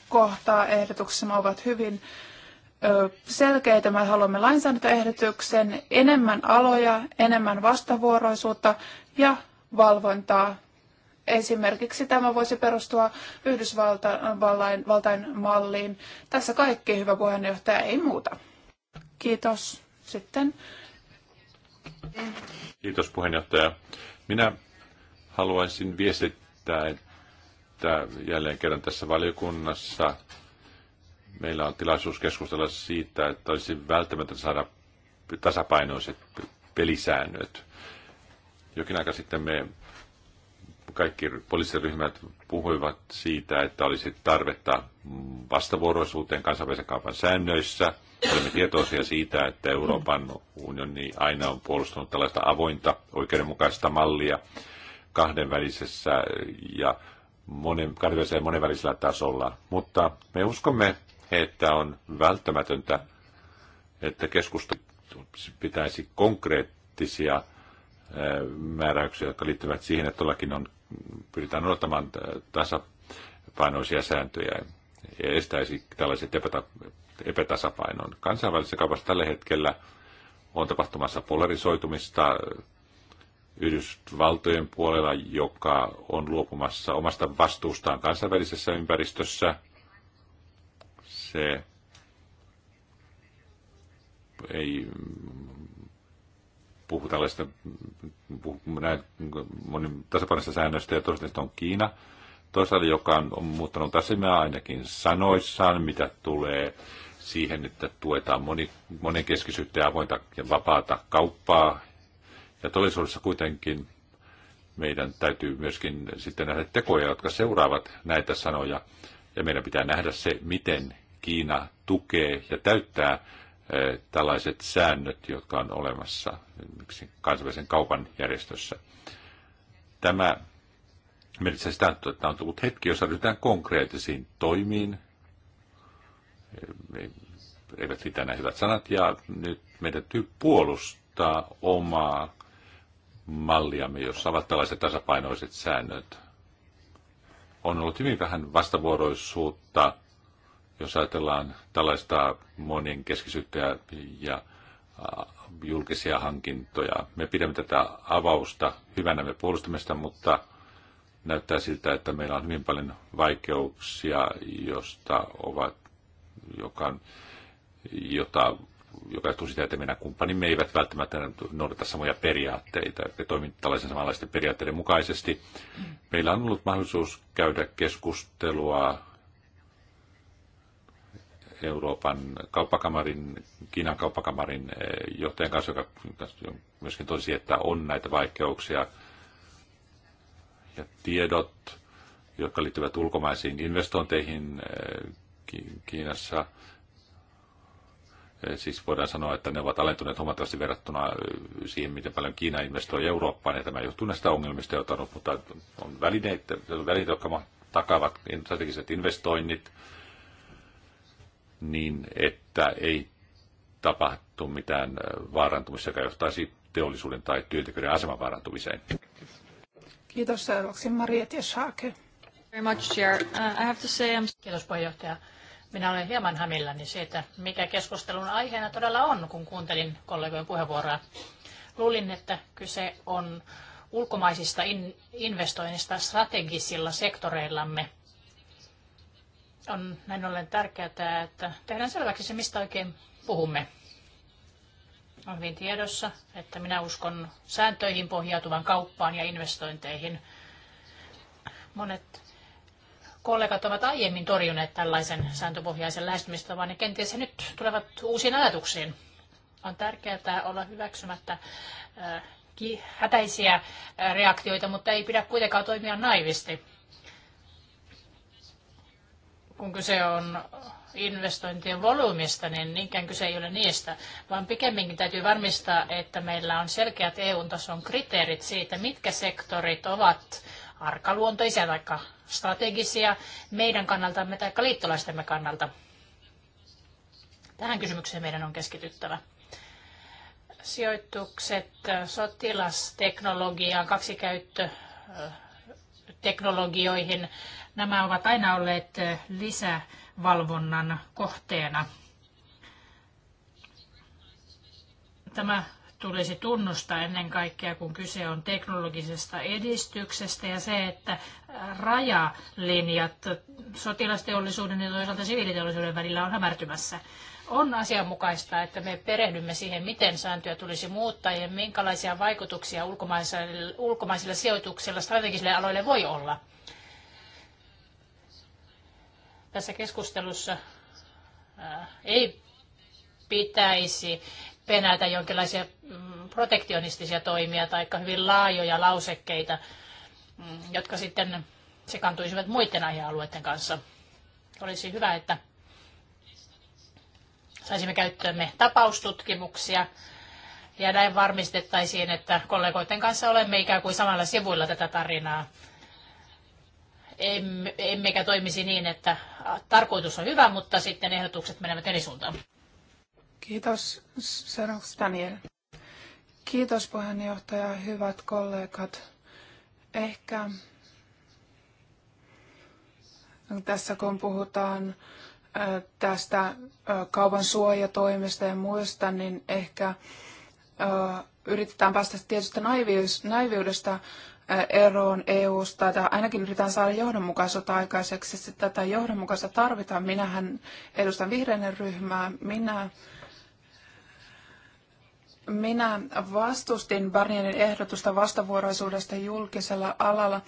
B: kohtaa ehdotuksemme ovat hyvin selkeitä. Me haluamme lainsäädäntöehdotuksen, enemmän aloja, enemmän vastavuoroisuutta ja valvontaa. Esimerkiksi tämä voisi perustua Yhdysvaltain malliin. Tässä kaikki, hyvä puheenjohtaja, ei muuta. Kiitos. Sitten.
A: Kiitos puheenjohtaja. Minä haluaisin viestittää, että jälleen kerran tässä valiokunnassa meillä on tilaisuus keskustella siitä, että olisi välttämätöntä saada tasapainoiset pelisäännöt. Jokin aika sitten me kaikki poliisiryhmät puhuivat siitä, että olisi tarvetta vastavuoroisuuteen kansainvälisen kaupan säännöissä. Olemme tietoisia siitä, että Euroopan unioni aina on puolustanut tällaista avointa, oikeudenmukaista mallia kahdenvälisessä ja monen, kahdenvälisellä ja monenvälisellä tasolla. Mutta me uskomme että on välttämätöntä, että keskusta pitäisi konkreettisia määräyksiä, jotka liittyvät siihen, että tuollakin on, pyritään odottamaan tasapainoisia sääntöjä ja estäisi tällaiset epäta, epätasapainon. Kansainvälisessä kaupassa tällä hetkellä on tapahtumassa polarisoitumista Yhdysvaltojen puolella, joka on luopumassa omasta vastuustaan kansainvälisessä ympäristössä – se ei puhu tällaista puhu, näin, monin tasapainoista säännöistä ja toisaalta on Kiina. Toisaalta, joka on, on muuttanut asemaa ainakin sanoissaan, mitä tulee siihen, että tuetaan moni, monenkeskisyyttä ja avointa ja vapaata kauppaa. Ja todellisuudessa kuitenkin meidän täytyy myöskin sitten nähdä tekoja, jotka seuraavat näitä sanoja. Ja meidän pitää nähdä se, miten Kiina tukee ja täyttää eh, tällaiset säännöt, jotka on olemassa kansainvälisen kaupan järjestössä. Tämä merkitsee sitä, että on tullut hetki, jossa ryhdytään konkreettisiin toimiin. Eh, eivät riitä nämä hyvät sanat, ja nyt meidän täytyy puolustaa omaa malliamme, jossa ovat tällaiset tasapainoiset säännöt. On ollut hyvin vähän vastavuoroisuutta jos ajatellaan tällaista monien keskisyyttä ja äh, julkisia hankintoja. Me pidämme tätä avausta hyvänä me puolustamista, mutta näyttää siltä, että meillä on hyvin paljon vaikeuksia, josta ovat, joka, jota, joka johtuu sitä, että meidän kumppanimme eivät välttämättä noudata samoja periaatteita Me toimimme tällaisen samanlaisten periaatteiden mukaisesti. Meillä on ollut mahdollisuus käydä keskustelua Euroopan kauppakamarin, Kiinan kauppakamarin eh, johtajan kanssa, joka myöskin tosi, että on näitä vaikeuksia. Ja tiedot, jotka liittyvät ulkomaisiin investointeihin eh, Kiinassa, eh, siis voidaan sanoa, että ne ovat alentuneet huomattavasti verrattuna siihen, miten paljon Kiina investoi Eurooppaan, ja tämä johtuu näistä ongelmista, joita on, mutta on välineitä, välineitä jotka takaavat strategiset investoinnit, niin, että ei tapahtu mitään vaarantumista, joka johtaisi teollisuuden tai työntekijöiden aseman vaarantumiseen.
B: Kiitos seuraavaksi Mariette Schaake. Very much, Chair. Uh,
C: Kiitos puheenjohtaja. Minä olen hieman hämilläni siitä, mikä keskustelun aiheena todella on, kun kuuntelin kollegojen puheenvuoroa. Luulin, että kyse on ulkomaisista in- investoinnista strategisilla sektoreillamme. On näin ollen tärkeää, että tehdään selväksi se, mistä oikein puhumme. On hyvin tiedossa, että minä uskon sääntöihin pohjautuvan kauppaan ja investointeihin. Monet kollegat ovat aiemmin torjuneet tällaisen sääntöpohjaisen lähestymistavan ja kenties he nyt tulevat uusiin ajatuksiin. On tärkeää olla hyväksymättä äh, hätäisiä äh, reaktioita, mutta ei pidä kuitenkaan toimia naivisti kun kyse on investointien volyymista, niin niinkään kyse ei ole niistä, vaan pikemminkin täytyy varmistaa, että meillä on selkeät EU-tason kriteerit siitä, mitkä sektorit ovat arkaluontoisia tai strategisia meidän kannaltamme tai liittolaistemme kannalta. Tähän kysymykseen meidän on keskityttävä. Sijoitukset sotilasteknologiaan, kaksikäyttö teknologioihin. Nämä ovat aina olleet lisävalvonnan kohteena. Tämä tulisi tunnustaa ennen kaikkea, kun kyse on teknologisesta edistyksestä ja se, että rajalinjat sotilasteollisuuden ja toisaalta siviiliteollisuuden välillä on hämärtymässä on asianmukaista, että me perehdymme siihen, miten sääntöjä tulisi muuttaa ja minkälaisia vaikutuksia ulkomaisilla, ulkomaisilla sijoituksilla strategisille aloille voi olla. Tässä keskustelussa äh, ei pitäisi penätä jonkinlaisia mm, protektionistisia toimia tai hyvin laajoja lausekkeita, mm, jotka sitten sekantuisivat muiden aihealueiden kanssa. Olisi hyvä, että saisimme käyttöömme tapaustutkimuksia ja näin varmistettaisiin, että kollegoiden kanssa olemme ikään kuin samalla sivuilla tätä tarinaa. Emmekä toimisi niin, että tarkoitus on hyvä, mutta sitten ehdotukset menevät eri suuntaan.
B: Kiitos, seuraavaksi Daniel. Kiitos puheenjohtaja, hyvät kollegat. Ehkä tässä kun puhutaan tästä kaupan suojatoimesta ja muista, niin ehkä yritetään päästä tietystä naiviudesta eroon EU-sta, tai ainakin yritetään saada johdonmukaisuutta aikaiseksi. Sitten tätä johdonmukaista tarvitaan. Minähän edustan vihreiden ryhmää. Minä, minä vastustin Barnierin ehdotusta vastavuoroisuudesta julkisella alalla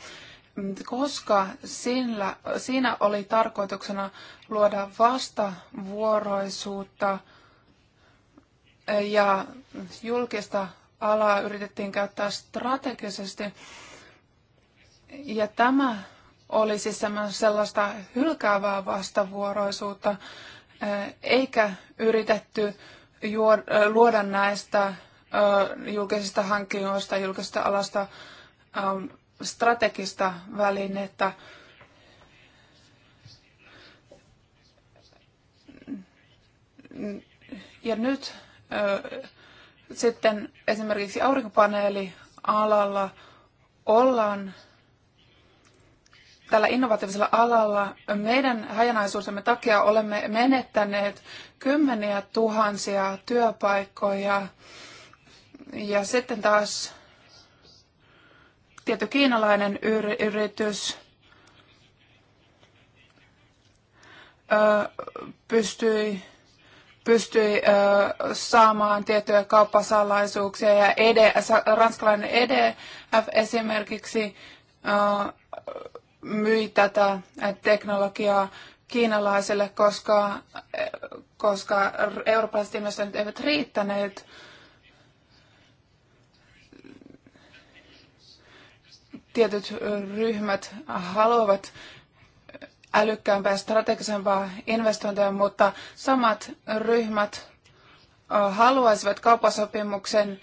B: koska sillä, siinä oli tarkoituksena luoda vastavuoroisuutta ja julkista alaa yritettiin käyttää strategisesti. Ja tämä oli siis sellaista hylkäävää vastavuoroisuutta, eh, eikä yritetty eh, luoda näistä eh, julkisista hankinnoista, julkisesta alasta strategista välinettä. Ja nyt ö, sitten esimerkiksi aurinkopaneelialalla ollaan tällä innovatiivisella alalla meidän hajanaisuusemme takia olemme menettäneet kymmeniä tuhansia työpaikkoja. Ja sitten taas tietty kiinalainen yritys pystyi, pystyi saamaan tiettyjä kauppasalaisuuksia ja EDE, ranskalainen EDF esimerkiksi myi tätä teknologiaa kiinalaisille, koska, koska eurooppalaiset investoinnit eivät riittäneet tietyt ryhmät haluavat älykkäämpää, strategisempaa investointeja, mutta samat ryhmät haluaisivat kauppasopimuksen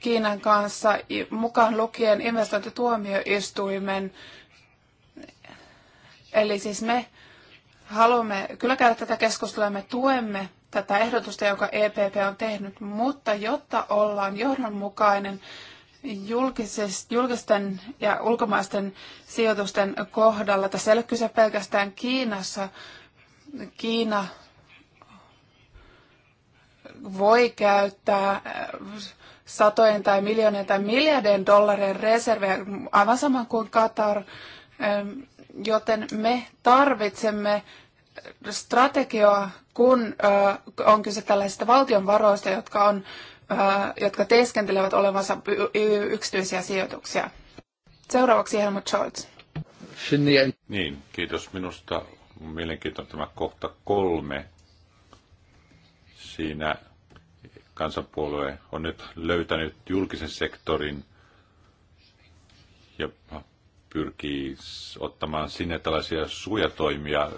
B: Kiinan kanssa mukaan lukien investointituomioistuimen. Eli siis me haluamme kyllä käydä tätä keskustelua, me tuemme tätä ehdotusta, jonka EPP on tehnyt, mutta jotta ollaan johdonmukainen julkisten ja ulkomaisten sijoitusten kohdalla. Tässä ei ole kyse pelkästään Kiinassa. Kiina voi käyttää äh, satojen tai miljoonien tai miljardien dollarien reservejä, aivan sama kuin Qatar, ähm, joten me tarvitsemme strategiaa, kun äh, on kyse tällaisista valtion varoista, jotka on jotka teeskentelevät olevansa yksityisiä sijoituksia. Seuraavaksi Helmut Scholz.
A: Niin, kiitos minusta. Mielenkiintoinen tämä kohta kolme. Siinä kansanpuolue on nyt löytänyt julkisen sektorin ja pyrkii ottamaan sinne tällaisia suojatoimia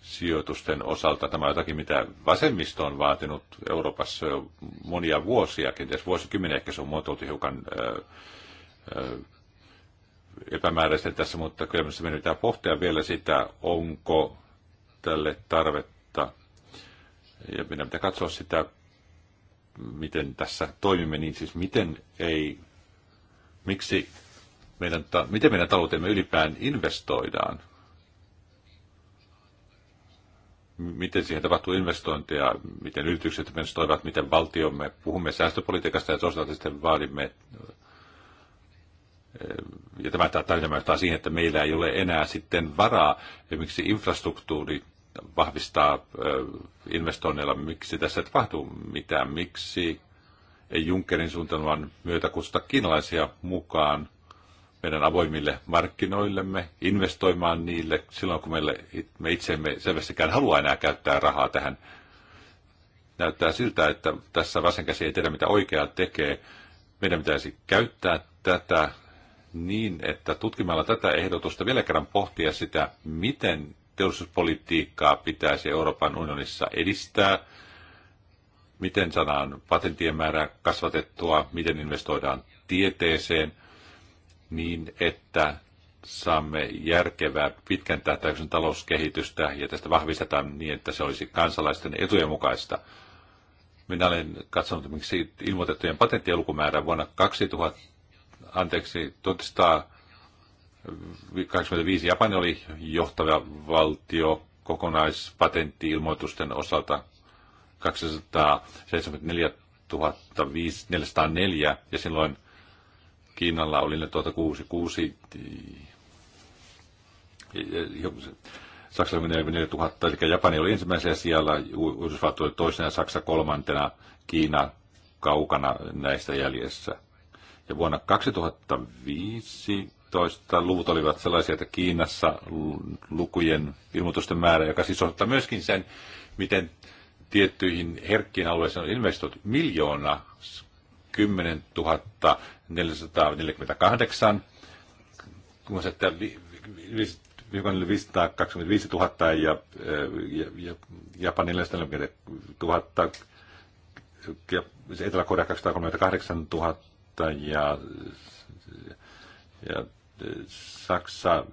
A: sijoitusten osalta. Tämä on jotakin, mitä vasemmisto on vaatinut Euroopassa jo monia vuosia, kenties vuosikymmeniä ehkä se on muotoiltu hiukan ö, ö, epämääräisesti tässä, mutta kyllä minusta meidän pohtia vielä sitä, onko tälle tarvetta. Ja minä pitää katsoa sitä, miten tässä toimimme, niin siis miten ei, miksi meidän, miten meidän taloutemme ylipään investoidaan miten siihen tapahtuu investointeja, miten yritykset investoivat, miten valtiomme. Puhumme säästöpolitiikasta ja toisaalta sitten vaadimme eh, ja tämä tarkoittaa siihen, että meillä ei ole enää sitten varaa miksi infrastruktuuri vahvistaa eh, investoinneilla, miksi tässä tapahtuu mitään, miksi ei Junckerin suunnitelman myötä kutsuta kiinalaisia mukaan meidän avoimille markkinoillemme, investoimaan niille silloin, kun meille, me itse emme selvästikään halua enää käyttää rahaa tähän. Näyttää siltä, että tässä vasen käsi ei tiedä, mitä oikeaa tekee. Meidän pitäisi käyttää tätä niin, että tutkimalla tätä ehdotusta vielä kerran pohtia sitä, miten teollisuuspolitiikkaa pitäisi Euroopan unionissa edistää, miten saadaan patentien määrää kasvatettua, miten investoidaan tieteeseen, niin, että saamme järkevää pitkän tähtäyksen talouskehitystä ja tästä vahvistetaan niin, että se olisi kansalaisten etujen mukaista. Minä olen katsonut miksi ilmoitettujen patenttien lukumäärä vuonna 2000, anteeksi, 1985 Japani oli johtava valtio kokonaispatenttiilmoitusten osalta 274 404 ja silloin – Kiinalla oli ne tuota kuusi kuusi, eh, eh, Saksalla meni 4000, eli Japani oli ensimmäisellä siellä, Yhdysvallat oli toisena, Saksa kolmantena, Kiina kaukana näistä jäljessä. Ja vuonna 2015 luvut olivat sellaisia, että Kiinassa lukujen ilmoitusten määrä, joka siis osoittaa myöskin sen, miten tiettyihin herkkiin alueisiin on investoitu miljoona, 10 000 448, kun se, että 525 000 ja, ja, ja Japan 440 000, ja Etelä-Korea 238 000 ja, ja Saksa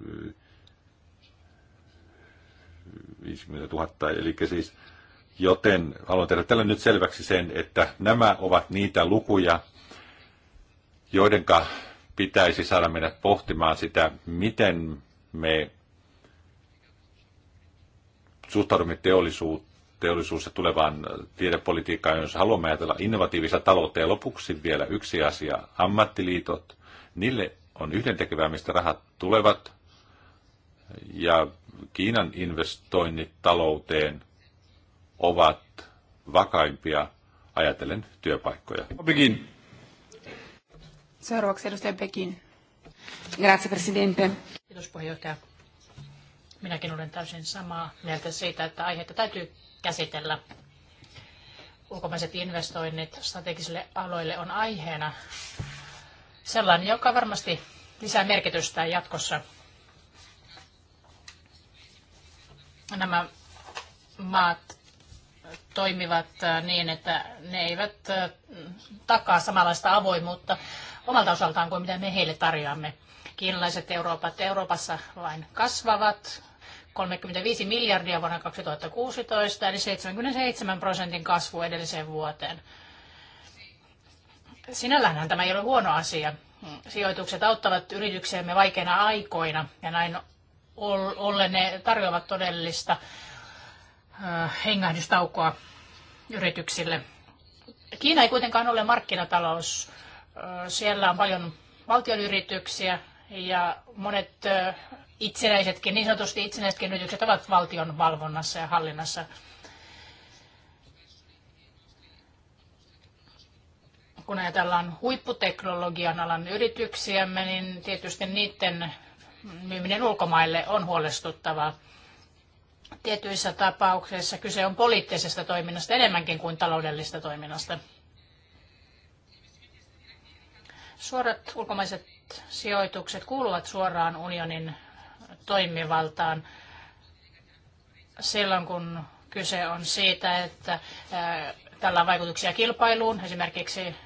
A: 50 000, eli siis joten haluan tehdä tällä nyt selväksi sen, että nämä ovat niitä lukuja, joidenka pitäisi saada meidät pohtimaan sitä, miten me suhtaudumme teollisuuteen teollisuus ja tulevaan tiedepolitiikkaan, jos haluamme ajatella innovatiivista taloutta. Ja lopuksi vielä yksi asia, ammattiliitot. Niille on yhdentekevää, mistä rahat tulevat. Ja Kiinan investoinnit talouteen ovat vakaimpia, ajatellen työpaikkoja. Begin.
B: Seuraavaksi edustaja Pekin. Grazie, presidente.
C: Kiitos puheenjohtaja. Minäkin olen täysin samaa mieltä siitä, että aiheita täytyy käsitellä. Ulkomaiset investoinnit strategisille aloille on aiheena sellainen, joka varmasti lisää merkitystä jatkossa. Nämä maat toimivat äh, niin, että ne eivät äh, takaa samanlaista avoimuutta omalta osaltaan kuin mitä me heille tarjoamme. Kiinalaiset Euroopat Euroopassa vain kasvavat. 35 miljardia vuonna 2016, eli 77 prosentin kasvu edelliseen vuoteen. Sinällähän tämä ei ole huono asia. Sijoitukset auttavat yrityksiämme vaikeina aikoina, ja näin ollen ne tarjoavat todellista äh, hengähdystaukoa yrityksille. Kiina ei kuitenkaan ole markkinatalous siellä on paljon valtion yrityksiä ja monet itsenäisetkin, niin sanotusti itsenäisetkin yritykset ovat valtion valvonnassa ja hallinnassa. Kun ajatellaan huipputeknologian alan yrityksiämme, niin tietysti niiden myyminen ulkomaille on huolestuttavaa. Tietyissä tapauksissa kyse on poliittisesta toiminnasta enemmänkin kuin taloudellista toiminnasta. Suorat ulkomaiset sijoitukset kuuluvat suoraan unionin toimivaltaan silloin, kun kyse on siitä, että tällä on vaikutuksia kilpailuun, esimerkiksi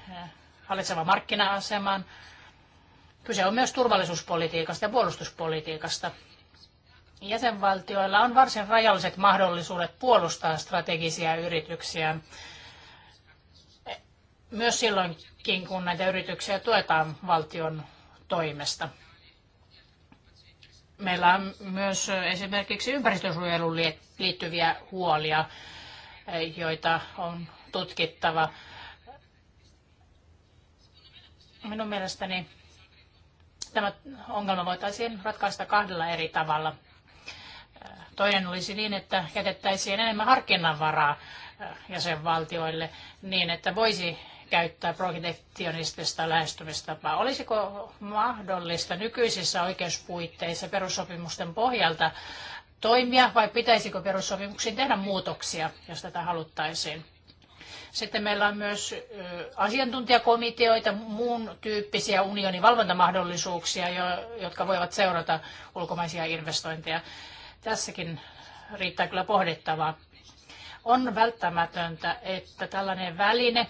C: hallitseva markkina-asemaan. Kyse on myös turvallisuuspolitiikasta ja puolustuspolitiikasta. Jäsenvaltioilla on varsin rajalliset mahdollisuudet puolustaa strategisia yrityksiä myös silloinkin, kun näitä yrityksiä tuetaan valtion toimesta. Meillä on myös esimerkiksi ympäristönsuojeluun liittyviä huolia, joita on tutkittava. Minun mielestäni tämä ongelma voitaisiin ratkaista kahdella eri tavalla. Toinen olisi niin, että jätettäisiin enemmän harkinnanvaraa äh, jäsenvaltioille niin, että voisi käyttää protektionistista lähestymistapaa. Olisiko mahdollista nykyisissä oikeuspuitteissa perussopimusten pohjalta toimia vai pitäisikö perussopimuksiin tehdä muutoksia, jos tätä haluttaisiin? Sitten meillä on myös asiantuntijakomiteoita, muun tyyppisiä unionin valvontamahdollisuuksia, jotka voivat seurata ulkomaisia investointeja. Tässäkin riittää kyllä pohdittavaa. On välttämätöntä, että tällainen väline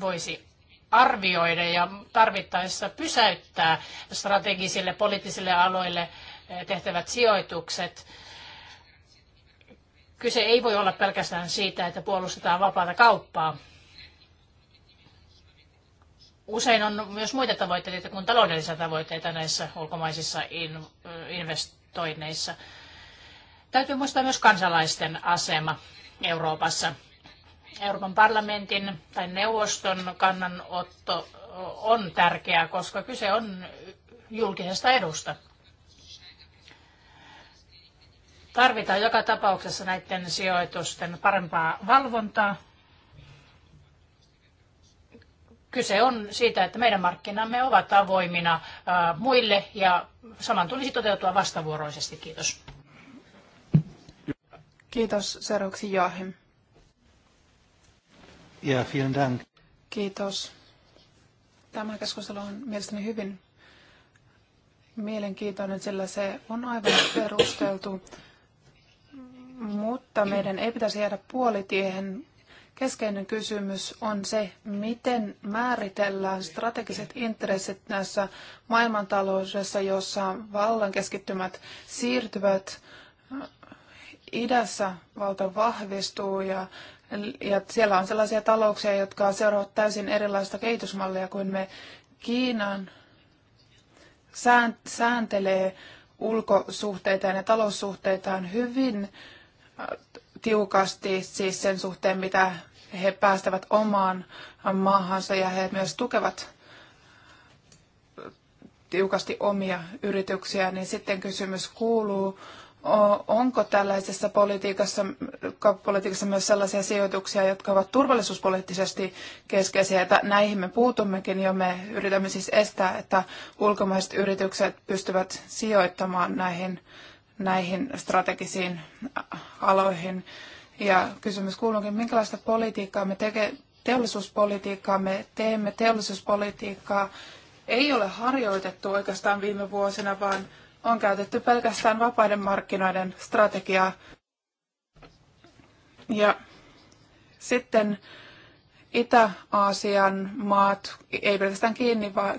C: voisi arvioida ja tarvittaessa pysäyttää strategisille poliittisille aloille eh, tehtävät sijoitukset. Kyse ei voi olla pelkästään siitä, että puolustetaan vapaata kauppaa. Usein on myös muita tavoitteita kuin taloudellisia tavoitteita näissä ulkomaisissa eh, investoinneissa. Täytyy muistaa myös kansalaisten asema Euroopassa. Euroopan parlamentin tai neuvoston kannanotto on tärkeää, koska kyse on julkisesta edusta. Tarvitaan joka tapauksessa näiden sijoitusten parempaa valvontaa. Kyse on siitä, että meidän markkinamme ovat avoimina äh, muille ja saman tulisi toteutua vastavuoroisesti. Kiitos.
B: Kiitos seuraavaksi Joachim.
A: Ja, vielen dank.
B: Kiitos. Tämä keskustelu on mielestäni hyvin mielenkiintoinen, sillä se on aivan perusteltu, mutta meidän ei pitäisi jäädä puolitiehen. Keskeinen kysymys on se, miten määritellään strategiset intressit näissä maailmantaloudessa, jossa vallan keskittymät siirtyvät äh, idässä valta vahvistuu ja ja siellä on sellaisia talouksia, jotka seuraavat täysin erilaista kehitysmallia kuin me. Kiinan sääntelee ulkosuhteitaan ja taloussuhteitaan hyvin äh, tiukasti siis sen suhteen, mitä he päästävät omaan maahansa ja he myös tukevat äh, tiukasti omia yrityksiä, niin sitten kysymys kuuluu, onko tällaisessa politiikassa, myös sellaisia sijoituksia, jotka ovat turvallisuuspoliittisesti keskeisiä, että näihin me puutummekin ja me yritämme siis estää, että ulkomaiset yritykset pystyvät sijoittamaan näihin, näihin strategisiin aloihin. Ja kysymys kuuluukin, minkälaista politiikkaa me teke, teollisuuspolitiikkaa me teemme. Teollisuuspolitiikkaa ei ole harjoitettu oikeastaan viime vuosina, vaan on käytetty pelkästään vapaiden markkinoiden strategiaa. Ja sitten Itä-Aasian maat, ei pelkästään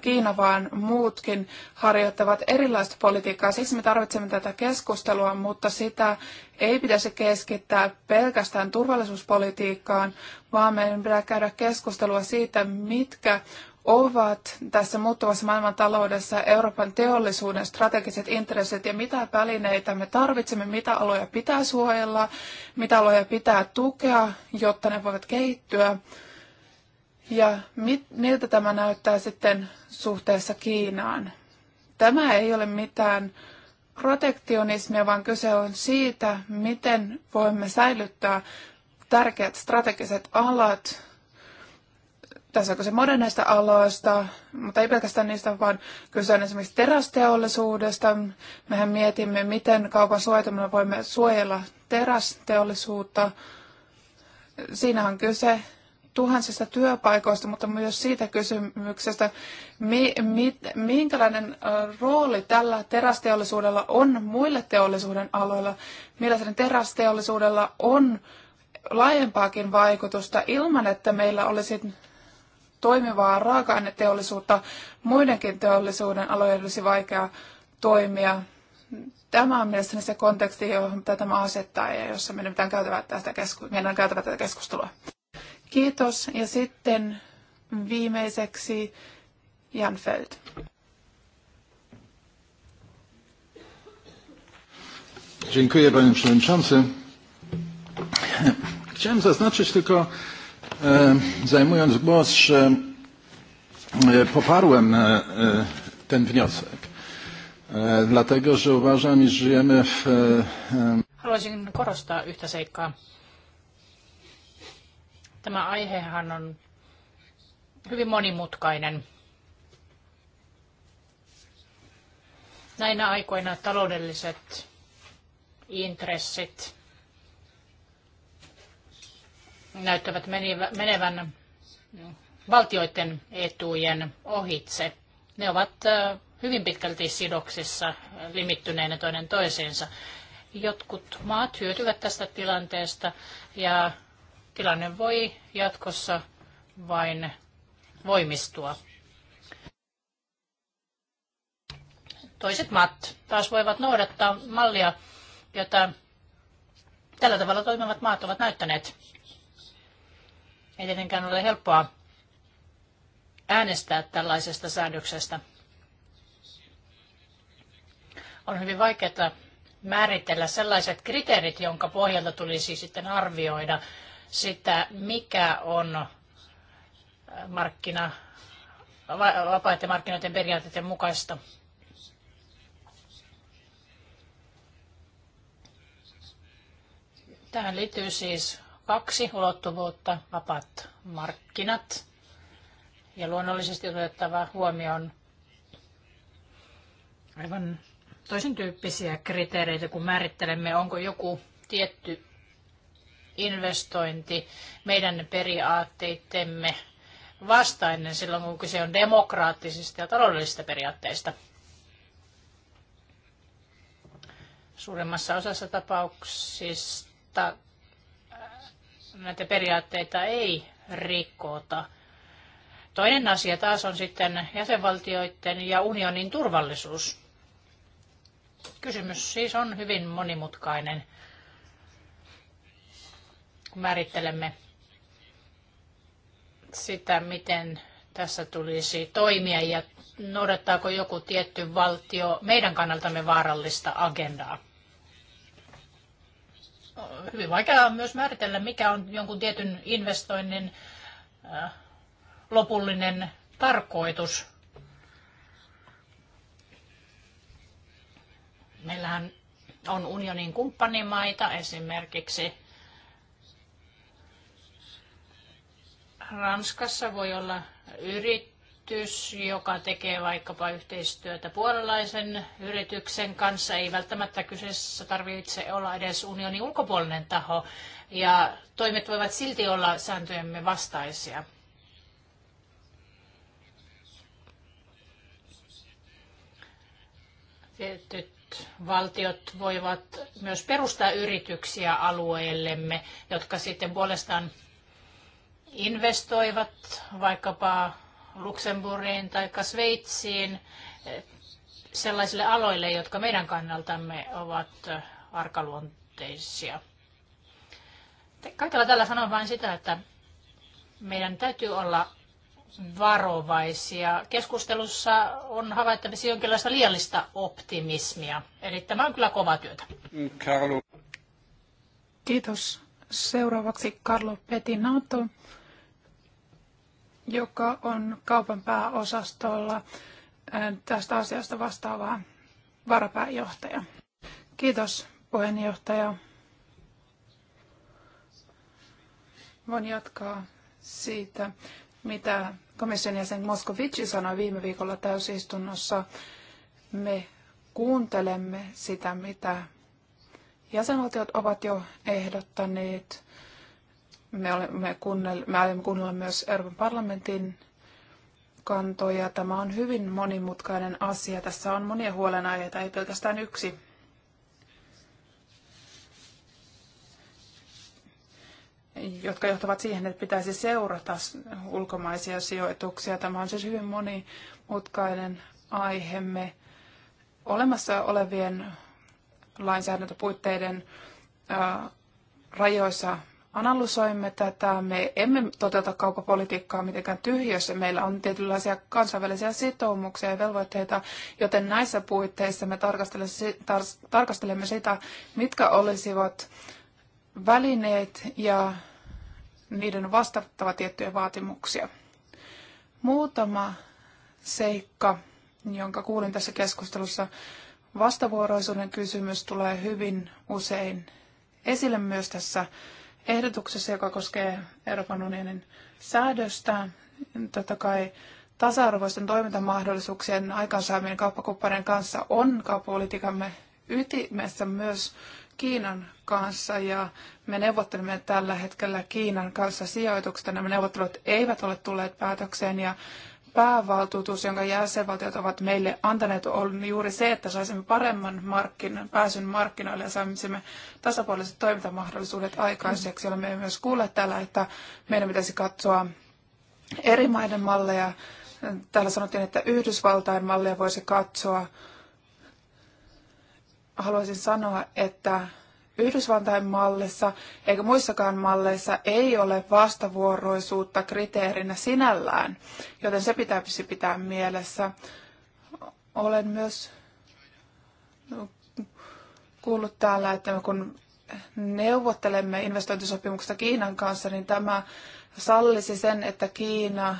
B: Kiina, vaan muutkin, harjoittavat erilaista politiikkaa. Siksi me tarvitsemme tätä keskustelua, mutta sitä ei pitäisi keskittää pelkästään turvallisuuspolitiikkaan, vaan meidän pitää käydä keskustelua siitä, mitkä ovat tässä muuttuvassa maailmantaloudessa Euroopan teollisuuden strategiset intressit ja mitä välineitä me tarvitsemme, mitä aloja pitää suojella, mitä aloja pitää tukea, jotta ne voivat kehittyä ja mit, miltä tämä näyttää sitten suhteessa Kiinaan. Tämä ei ole mitään protektionismia, vaan kyse on siitä, miten voimme säilyttää tärkeät strategiset alat tässä on kyse näistä aloista, mutta ei pelkästään niistä, vaan kyse on esimerkiksi terästeollisuudesta. Mehän mietimme, miten kaupan suojatumilla voimme suojella terästeollisuutta. Siinä on kyse tuhansista työpaikoista, mutta myös siitä kysymyksestä, mi, mi, minkälainen rooli tällä terästeollisuudella on muille teollisuuden aloilla, millaisen terästeollisuudella on laajempaakin vaikutusta ilman, että meillä olisi toimivaa raaka-aineteollisuutta, muidenkin teollisuuden alojen olisi vaikea toimia. Tämä on mielestäni se konteksti, johon tämä asettaa ja jossa meidän pitää käytävä tästä kesku- meidän käytävä tätä keskustelua. Kiitos. Ja sitten viimeiseksi Jan Feld.
A: Dziękuję panie przewodniczący. Chciałem zaznaczyć tylko E, zajmując głos, że e, poparłem e, ten wniosek, dlatego że uważam, iż żyjemy w...
C: Haluaisin korostaa yhtä seikkaa. Tämä aihehan on hyvin monimutkainen. Näinä aikoina taloudelliset intressit näyttävät menevän valtioiden etujen ohitse. Ne ovat hyvin pitkälti sidoksissa limittyneenä toinen toiseensa. Jotkut maat hyötyvät tästä tilanteesta ja tilanne voi jatkossa vain voimistua. Toiset maat taas voivat noudattaa mallia, jota tällä tavalla toimivat maat ovat näyttäneet ei tietenkään ole helppoa äänestää tällaisesta säädöksestä. On hyvin vaikeaa määritellä sellaiset kriteerit, jonka pohjalta tulisi sitten arvioida sitä, mikä on äh, markkina, vapaiden markkinoiden periaatteiden mukaista. Tähän liittyy siis Kaksi ulottuvuutta, vapaat markkinat ja luonnollisesti otettava huomioon aivan toisen tyyppisiä kriteereitä, kun määrittelemme, onko joku tietty investointi meidän periaatteittemme vastainen silloin, kun kyse on demokraattisista ja taloudellisista periaatteista. suuremmassa osassa tapauksista näitä periaatteita ei rikota. Toinen asia taas on sitten jäsenvaltioiden ja unionin turvallisuus. Kysymys siis on hyvin monimutkainen, kun määrittelemme sitä, miten tässä tulisi toimia ja noudattaako joku tietty valtio meidän kannaltamme vaarallista agendaa hyvin vaikea on myös määritellä, mikä on jonkun tietyn investoinnin äh, lopullinen tarkoitus. Meillähän on unionin kumppanimaita, esimerkiksi Ranskassa voi olla yrittäjä yritys, joka tekee vaikkapa yhteistyötä puolalaisen yrityksen kanssa, ei välttämättä kyseessä tarvitse olla edes unionin ulkopuolinen taho, ja toimet voivat silti olla sääntöjemme vastaisia. Tietyt valtiot voivat myös perustaa yrityksiä alueellemme, jotka sitten puolestaan investoivat vaikkapa Luxemburgiin tai Sveitsiin eh, sellaisille aloille, jotka meidän kannaltamme ovat eh, arkaluonteisia. Kaikella tällä sanon vain sitä, että meidän täytyy olla varovaisia. Keskustelussa on havaittavissa jonkinlaista liiallista optimismia. Eli tämä on kyllä kova työtä.
B: Kiitos. Seuraavaksi Carlo Petinato joka on kaupan pääosastolla tästä asiasta vastaava varapääjohtaja. Kiitos puheenjohtaja. Voin jatkaa siitä, mitä komission jäsen Moskovici sanoi viime viikolla täysistunnossa. Me kuuntelemme sitä, mitä jäsenvaltiot ovat jo ehdottaneet – me olemme, kuunnell- me kuunnella myös Euroopan parlamentin kantoja. Tämä on hyvin monimutkainen asia. Tässä on monia huolenaiheita, ei pelkästään yksi. jotka johtavat siihen, että pitäisi seurata ulkomaisia sijoituksia. Tämä on siis hyvin monimutkainen aihemme. Olemassa olevien lainsäädäntöpuitteiden rajoissa analysoimme tätä. Me emme toteuta kaupapolitiikkaa mitenkään tyhjössä. Meillä on tietynlaisia kansainvälisiä sitoumuksia ja velvoitteita, joten näissä puitteissa me tarkastelemme sitä, mitkä olisivat välineet ja niiden vastattava tiettyjä vaatimuksia. Muutama seikka, jonka kuulin tässä keskustelussa. Vastavuoroisuuden kysymys tulee hyvin usein esille myös tässä ehdotuksessa, joka koskee Euroopan unionin säädöstä. Totta kai tasa-arvoisten toimintamahdollisuuksien aikaansaaminen kauppakumppanien kanssa on kauppapolitiikamme ytimessä myös Kiinan kanssa ja me neuvottelemme tällä hetkellä Kiinan kanssa sijoituksesta. Nämä neuvottelut eivät ole tulleet päätökseen ja päävaltuutus, jonka jäsenvaltiot ovat meille antaneet, on juuri se, että saisimme paremman markkin, pääsyn markkinoille ja saisimme tasapuoliset toimintamahdollisuudet aikaiseksi. Olemme myös kuulleet täällä, että meidän pitäisi katsoa eri maiden malleja. Täällä sanottiin, että Yhdysvaltain malleja voisi katsoa. Haluaisin sanoa, että Yhdysvaltain mallissa eikä muissakaan malleissa ei ole vastavuoroisuutta kriteerinä sinällään, joten se pitäisi pitää mielessä. Olen myös kuullut täällä, että kun neuvottelemme investointisopimuksesta Kiinan kanssa, niin tämä sallisi sen, että Kiina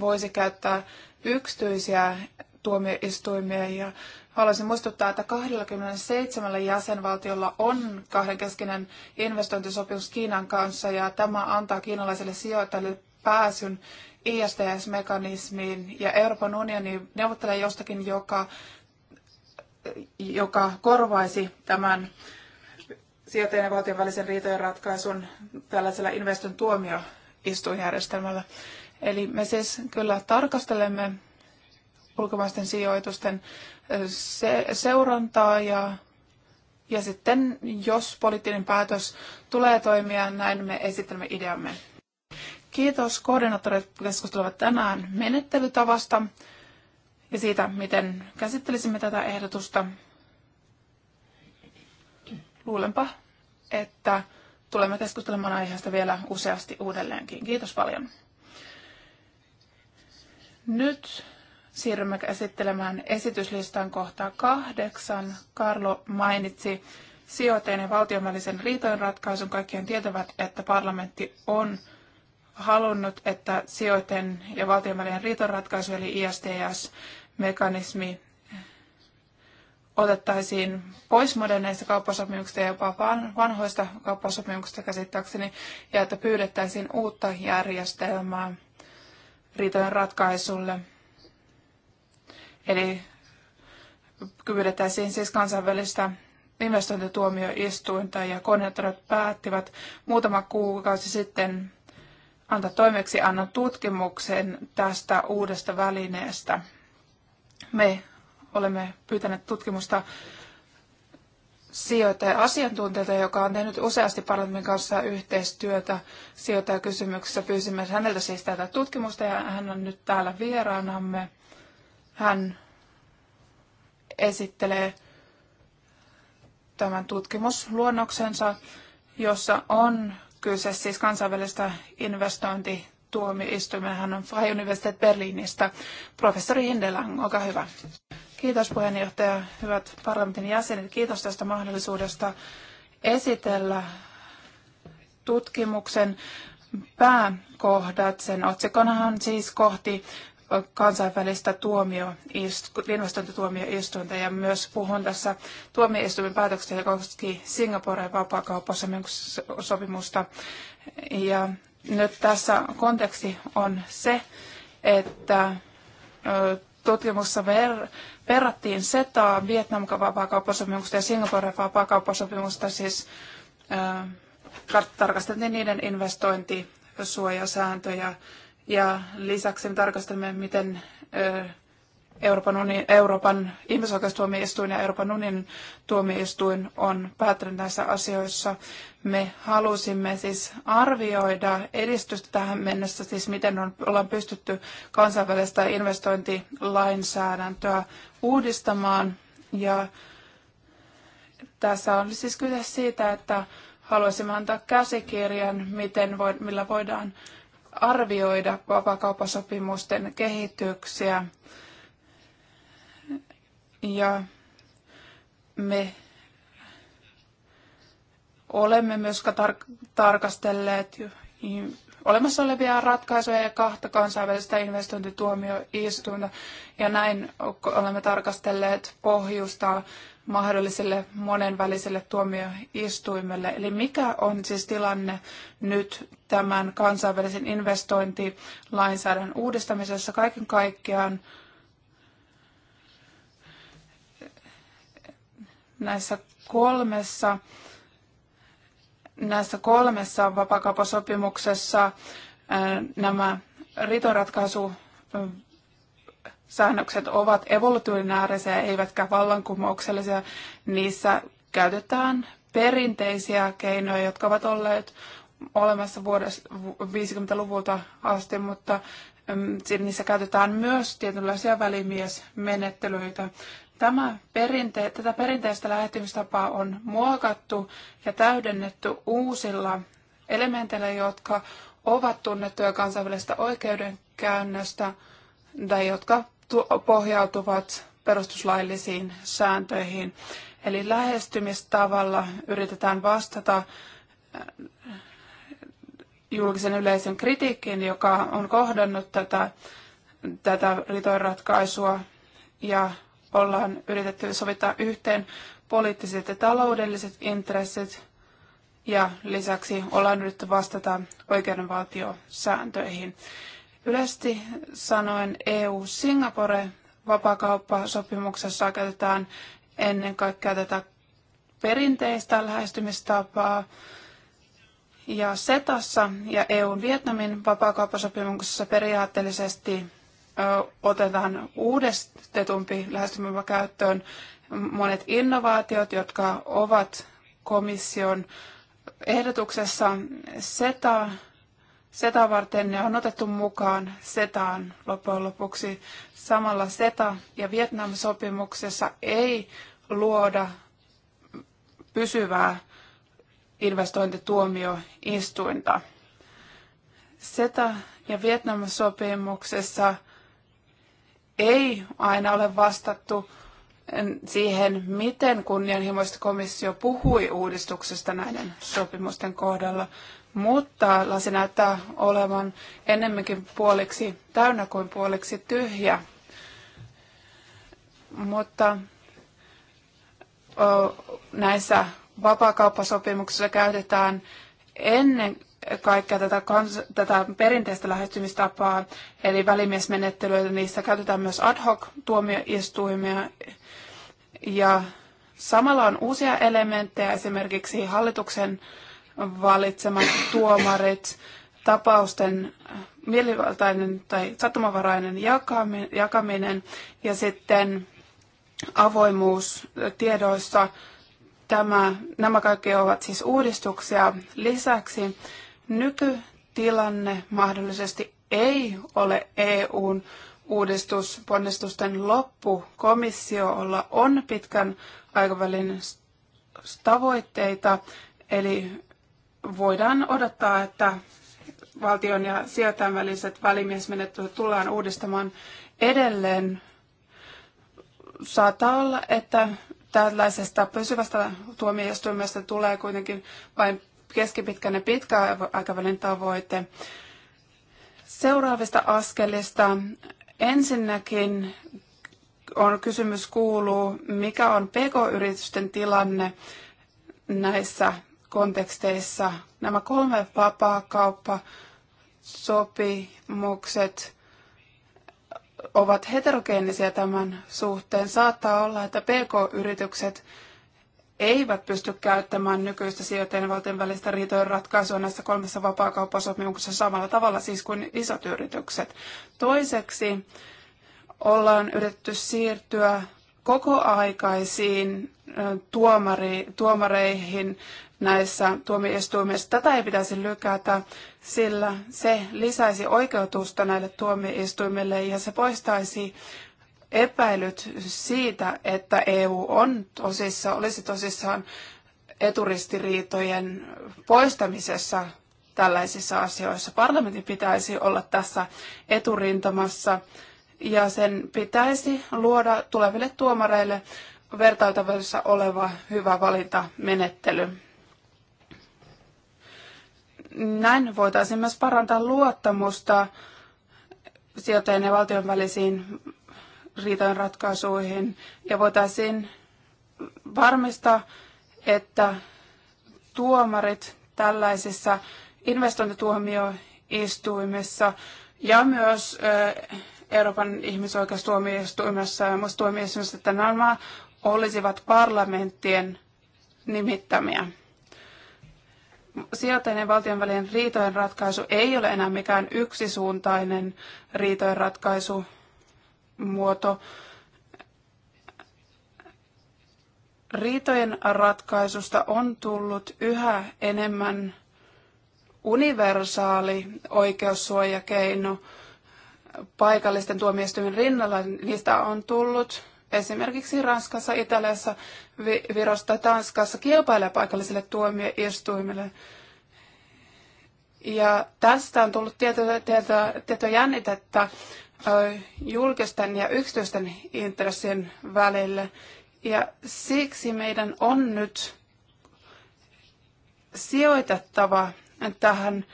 B: voisi käyttää yksityisiä tuomioistuimia ja Haluaisin muistuttaa, että 27 jäsenvaltiolla on kahdenkeskinen investointisopimus Kiinan kanssa ja tämä antaa kiinalaisille sijoittajille pääsyn ISTS-mekanismiin ja Euroopan unioni neuvottelee jostakin, joka, joka korvaisi tämän sijoittajien ja valtion välisen riitojen ratkaisun tällaisella investoin tuomioistuinjärjestelmällä. Eli me siis kyllä tarkastelemme ulkomaisten sijoitusten se, seurantaa ja, ja sitten jos poliittinen päätös tulee toimia, näin me esittelemme ideamme. Kiitos koordinaattorit keskustelevat tänään menettelytavasta ja siitä, miten käsittelisimme tätä ehdotusta. Luulenpa, että tulemme keskustelemaan aiheesta vielä useasti uudelleenkin. Kiitos paljon. Nyt siirrymme käsittelemään esityslistan kohtaa kahdeksan. Karlo mainitsi sijoiteen ja valtion välisen riitojenratkaisun. Kaikkien tietävät, että parlamentti on halunnut, että sijoiteen ja valtion välinen riitojenratkaisu eli ISTS-mekanismi otettaisiin pois moderneista kauppasopimuksista ja jopa vanhoista kauppasopimuksista käsittääkseni, ja että pyydettäisiin uutta järjestelmää riitojen ratkaisulle. Eli pyydettäisiin siis kansainvälistä investointituomioistuinta ja koordinaattorit päättivät muutama kuukausi sitten antaa toimeksi annan tutkimuksen tästä uudesta välineestä. Me olemme pyytäneet tutkimusta sijoittaja-asiantuntijalta, joka on tehnyt useasti parlamentin kanssa yhteistyötä sijoittajakysymyksissä. Pyysimme häneltä siis tätä tutkimusta ja hän on nyt täällä vieraanamme. Hän esittelee tämän tutkimusluonnoksensa, jossa on kyse siis kansainvälistä investointituomioistuimia. Hän on Freie Universität Berliinistä. Professori Hindelang, olkaa hyvä. Kiitos puheenjohtaja, hyvät parlamentin jäsenet. Kiitos tästä mahdollisuudesta esitellä tutkimuksen pääkohdat. Sen otsikonahan siis kohti kansainvälistä investointituomioistuinta ja myös puhun tässä tuomioistuimen päätöksestä, joka koski Singaporen vapaakauppasopimusta. Ja nyt tässä konteksti on se, että tutkimuksessa ver- verrattiin SETAa, Vietnam vapaakauppasopimusta ja Singaporen vapaakauppasopimusta, siis äh, tarkasteltiin niiden investointisuojasääntöjä ja lisäksi me tarkastamme, miten Euroopan, uni, Euroopan ihmisoikeustuomioistuin ja Euroopan unionin tuomioistuin on päättänyt näissä asioissa. Me halusimme siis arvioida edistystä tähän mennessä, siis miten on, ollaan pystytty kansainvälistä investointilainsäädäntöä uudistamaan. Ja tässä on siis kyse siitä, että haluaisimme antaa käsikirjan, miten voi, millä voidaan arvioida vapaakauppasopimusten kehityksiä. Ja me olemme myös tar- tarkastelleet olemassa olevia ratkaisuja ja kahta kansainvälistä investointituomioistuinta. Ja näin olemme tarkastelleet pohjusta mahdolliselle monenväliselle tuomioistuimelle. Eli mikä on siis tilanne nyt tämän kansainvälisen investointilainsäädännön uudistamisessa kaiken kaikkiaan näissä kolmessa näissä kolmessa vapakaupasopimuksessa nämä ritoratkaisu säännökset ovat evolutionaarisia eivätkä vallankumouksellisia. Niissä käytetään perinteisiä keinoja, jotka ovat olleet olemassa vuodesta 50-luvulta asti, mutta mm, niissä käytetään myös tietynlaisia välimiesmenettelyitä. Tämä perinte- tätä perinteistä lähettymistapaa on muokattu ja täydennetty uusilla elementeillä, jotka ovat tunnettuja kansainvälisestä oikeudenkäynnöstä tai jotka pohjautuvat perustuslaillisiin sääntöihin. Eli lähestymistavalla yritetään vastata äh, julkisen yleisen kritiikkiin, joka on kohdannut tätä, tätä ritoinratkaisua ja ollaan yritetty sovittaa yhteen poliittiset ja taloudelliset intressit ja lisäksi ollaan yritetty vastata oikeudenvaltiosääntöihin. Yleisesti sanoen EU-Singapore-vapakauppasopimuksessa käytetään ennen kaikkea tätä perinteistä lähestymistapaa. Ja SETassa ja eu Vietnamin vapaakauppasopimuksessa periaatteellisesti otetaan uudestetumpi lähestymistapa käyttöön monet innovaatiot, jotka ovat komission ehdotuksessa SETA SETA varten ne on otettu mukaan SETAan loppujen lopuksi. Samalla SETA ja Vietnam-sopimuksessa ei luoda pysyvää investointituomioistuinta. SETA ja Vietnam-sopimuksessa ei aina ole vastattu siihen, miten kunnianhimoista komissio puhui uudistuksesta näiden sopimusten kohdalla mutta lasi näyttää olevan ennemminkin puoliksi täynnä kuin puoliksi tyhjä. Mutta näissä vapaakauppasopimuksissa käytetään ennen kaikkea tätä, kans, tätä perinteistä lähestymistapaa, eli välimiesmenettelyitä, niissä käytetään myös ad hoc tuomioistuimia. Ja samalla on uusia elementtejä, esimerkiksi hallituksen valitsemat tuomarit, tapausten mielivaltainen tai sattumavarainen jakaminen ja sitten avoimuus tiedoissa. Tämä, nämä kaikki ovat siis uudistuksia. Lisäksi nykytilanne mahdollisesti ei ole EUn uudistusponnistusten loppu. Komissiolla on pitkän aikavälin tavoitteita, eli voidaan odottaa, että valtion ja sijoittajan väliset välimiesmenettelyt tullaan uudistamaan edelleen. Saattaa olla, että tällaisesta pysyvästä tuomioistuimesta tulee kuitenkin vain keskipitkän ja pitkäaikavälin tavoite. Seuraavista askelista ensinnäkin on kysymys kuuluu, mikä on pk-yritysten tilanne näissä konteksteissa nämä kolme sopimukset ovat heterogeenisiä tämän suhteen. Saattaa olla, että PK-yritykset eivät pysty käyttämään nykyistä sijoittajien valtion välistä riitojen ratkaisua näissä kolmessa vapaakauppasopimuksessa samalla tavalla siis kuin isot yritykset. Toiseksi ollaan yritetty siirtyä kokoaikaisiin tuomari, tuomareihin näissä tuomioistuimissa. Tätä ei pitäisi lykätä, sillä se lisäisi oikeutusta näille tuomioistuimille ja se poistaisi epäilyt siitä, että EU on tosissa, olisi tosissaan eturistiriitojen poistamisessa tällaisissa asioissa. Parlamentin pitäisi olla tässä eturintamassa ja sen pitäisi luoda tuleville tuomareille vertailtavissa oleva hyvä valintamenettely. Näin voitaisiin myös parantaa luottamusta sijoittajien ja valtion välisiin riitojen ratkaisuihin ja voitaisiin varmistaa, että tuomarit tällaisissa investointituomioistuimissa ja myös Euroopan ihmisoikeustuomioistuimessa ja muissa tuomioistuimissa, että nämä olisivat parlamenttien nimittämiä sijoittajien ja valtion välinen riitojen ratkaisu ei ole enää mikään yksisuuntainen riitojen ratkaisumuoto. Riitojen ratkaisusta on tullut yhä enemmän universaali oikeussuojakeino paikallisten tuomioistuimen rinnalla. Niistä on tullut esimerkiksi Ranskassa, Italiassa, Virossa tai Tanskassa kilpailee paikallisille tuomioistuimille. Ja tästä on tullut tieto, tieto, tieto jännitettä julkisten ja yksityisten intressien välille. Ja siksi meidän on nyt sijoitettava tähän,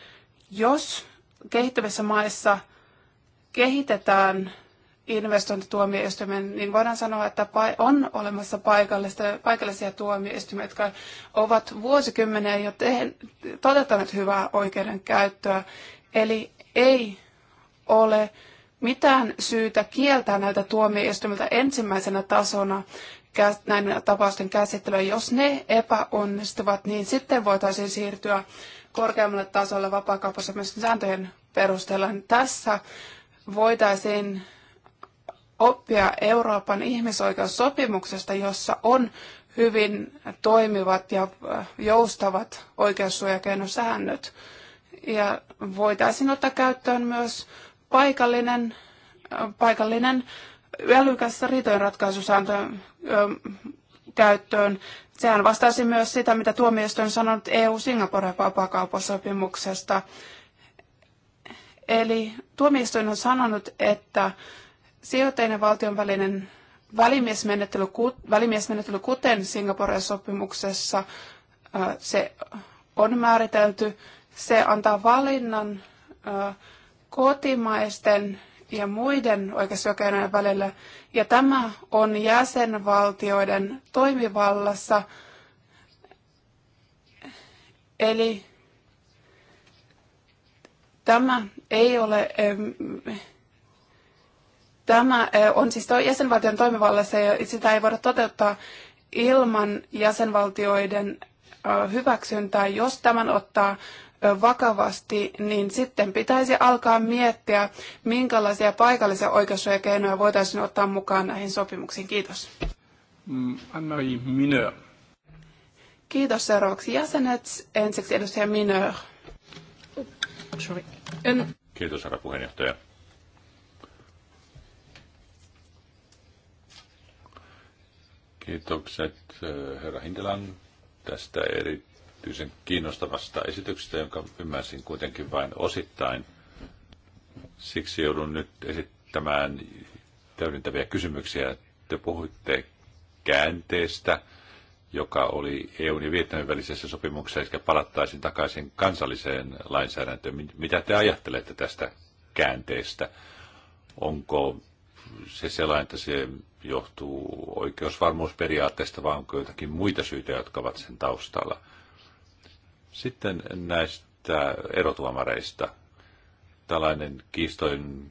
B: jos kehittyvissä maissa kehitetään investointituomioistuimen, niin voidaan sanoa, että on olemassa paikallista, paikallisia tuomioistuimia, jotka ovat vuosikymmeniä jo toteuttaneet hyvää oikeudenkäyttöä. Eli ei ole mitään syytä kieltää näitä tuomioistuimilta ensimmäisenä tasona näiden tapausten käsittelyä. Jos ne epäonnistuvat, niin sitten voitaisiin siirtyä korkeammalle tasolle myös sääntöjen perusteella. Tässä voitaisiin oppia Euroopan ihmisoikeussopimuksesta, jossa on hyvin toimivat ja äh, joustavat oikeussuojakeinosäännöt. Ja voitaisiin ottaa käyttöön myös paikallinen, äh, paikallinen älykäs riitojenratkaisusääntö ähm, käyttöön. Sehän vastaisi myös sitä, mitä tuomioistuin on sanonut EU-Singapore vapaakauppasopimuksesta. Eli tuomioistuin on sanonut, että Sijoittajien ja valtion välinen välimiesmenettely, välimiesmenettely kuten Singaporen sopimuksessa se on määritelty, se antaa valinnan kotimaisten ja muiden oikeusjokeiden välillä, ja tämä on jäsenvaltioiden toimivallassa. Eli tämä ei ole Tämä on siis jäsenvaltion toimivallassa ja sitä ei voida toteuttaa ilman jäsenvaltioiden hyväksyntää. Jos tämän ottaa vakavasti, niin sitten pitäisi alkaa miettiä, minkälaisia paikallisia oikeussuojakeinoja voitaisiin ottaa mukaan näihin sopimuksiin. Kiitos.
A: Mm, Anna-Marie Mineur.
B: Kiitos seuraavaksi jäsenet. Ensiksi edustaja Mineur.
A: Kiitos herra puheenjohtaja. Kiitokset eh, herra Hintelan tästä erityisen kiinnostavasta esityksestä, jonka ymmärsin kuitenkin vain osittain. Siksi joudun nyt esittämään täydentäviä kysymyksiä. Te puhuitte käänteestä, joka oli EUn ja Vietnamin välisessä sopimuksessa, eli palattaisiin takaisin kansalliseen lainsäädäntöön. Mitä te ajattelette tästä käänteestä? Onko se sellainen, että se johtuu oikeusvarmuusperiaatteesta, vaan onko jotakin muita syitä, jotka ovat sen taustalla. Sitten näistä erotuomareista. Tällainen kiistojen,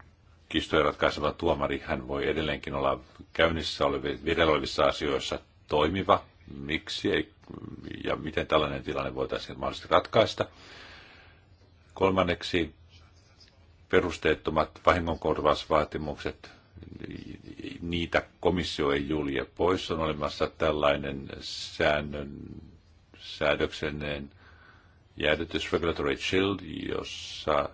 A: kiistojen ratkaiseva tuomari, hän voi edelleenkin olla käynnissä olevissa, olevissa asioissa toimiva. Miksi ei, ja miten tällainen tilanne voitaisiin mahdollisesti ratkaista. Kolmanneksi perusteettomat vahingonkorvausvaatimukset niitä komissio ei julje pois. On olemassa tällainen säännön, säädöksenneen jäädytys Regulatory Shield, jossa,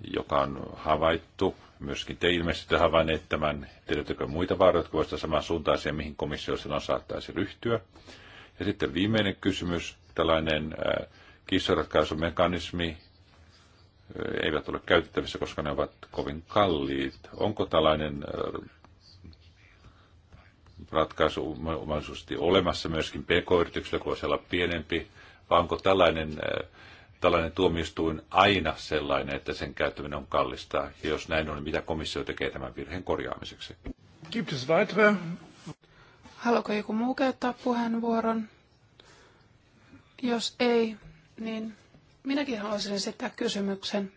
A: joka on havaittu. Myöskin te ilmeisesti havainneet tämän, tiedättekö muita vaaroja, jotka voisivat samaan suuntaiseen, mihin komissio silloin saattaisi ryhtyä. Ja sitten viimeinen kysymys, tällainen äh, kissoratkaisumekanismi, eivät ole käytettävissä, koska ne ovat kovin kalliit. Onko tällainen ratkaisu mahdollisesti olemassa myöskin pk-yrityksillä, kun olisi olla pienempi, vai onko tällainen, tällainen tuomioistuin aina sellainen, että sen käyttäminen on kallista, ja jos näin on, niin mitä komissio tekee tämän virheen korjaamiseksi? Gibt es weitere?
B: Haluaako joku muu käyttää puheenvuoron? Jos ei, niin Minäkin haluaisin esittää kysymyksen.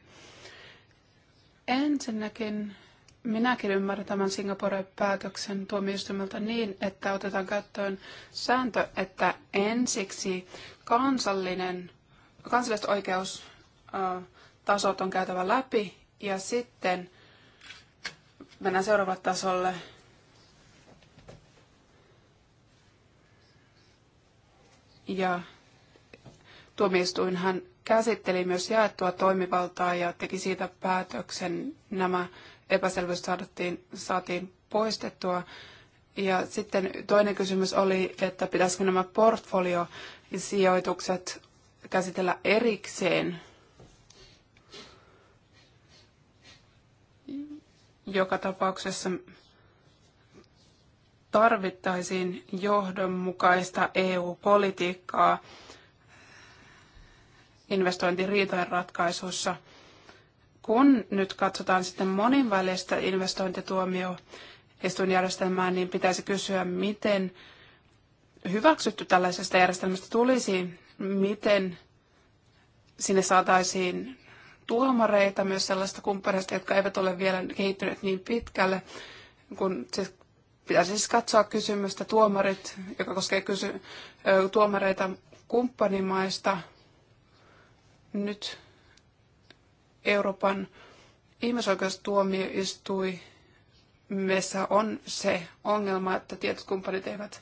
B: Ensinnäkin minäkin ymmärrän tämän Singaporen päätöksen tuomioistuimelta niin, että otetaan käyttöön sääntö, että ensiksi kansallinen, kansalliset oikeustasot on käytävä läpi ja sitten mennään seuraavalle tasolle. Ja tuomioistuinhan käsitteli myös jaettua toimivaltaa ja teki siitä päätöksen. Nämä epäselvyys saatiin, saatiin poistettua. Ja sitten toinen kysymys oli, että pitäisikö nämä portfoliosijoitukset käsitellä erikseen, joka tapauksessa tarvittaisiin johdonmukaista EU-politiikkaa investointiriitojen ratkaisuissa. Kun nyt katsotaan sitten monenvälistä investointituomioistuinjärjestelmää, niin pitäisi kysyä, miten hyväksytty tällaisesta järjestelmästä tulisi, miten sinne saataisiin tuomareita, myös sellaista kumppaneista, jotka eivät ole vielä kehittyneet niin pitkälle, kun siis pitäisi siis katsoa kysymystä tuomarit, joka koskee kysy, tuomareita kumppanimaista, nyt Euroopan ihmisoikeustuomioistuimessa on se ongelma, että tietyt kumppanit eivät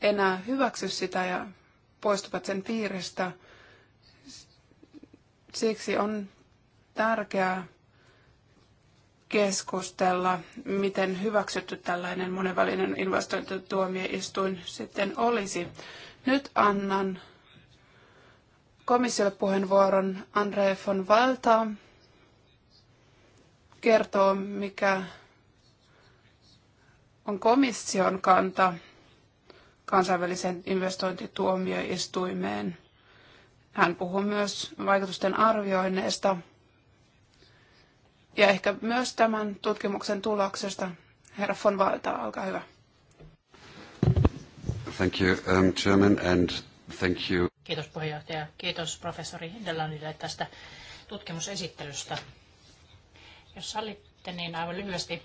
B: enää hyväksy sitä ja poistuvat sen piiristä. Siksi on tärkeää keskustella, miten hyväksytty tällainen monenvälinen investointituomioistuin sitten olisi. Nyt annan komissiolle puheenvuoron Andre von Valta kertoo, mikä on komission kanta kansainväliseen investointituomioistuimeen. Hän puhuu myös vaikutusten arvioinneista ja ehkä myös tämän tutkimuksen tuloksesta. Herra von Valta, olkaa hyvä.
A: Thank you, um, Chairman, and Thank you.
B: Kiitos puheenjohtaja. Kiitos
C: professori Delanille tästä tutkimusesittelystä. Jos sallitte, niin aivan lyhyesti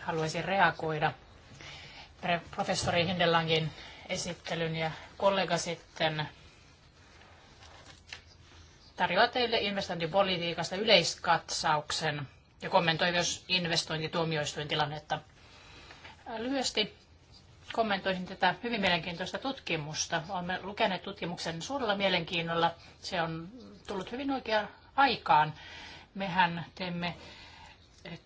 C: haluaisin reagoida professori Hindelangin esittelyn ja kollega sitten tarjoaa teille investointipolitiikasta yleiskatsauksen ja kommentoi myös investointituomioistuin tilannetta. Lyhyesti kommentoisin tätä hyvin mielenkiintoista tutkimusta. Olemme lukeneet tutkimuksen suurella mielenkiinnolla. Se on tullut hyvin oikeaan aikaan. Mehän teemme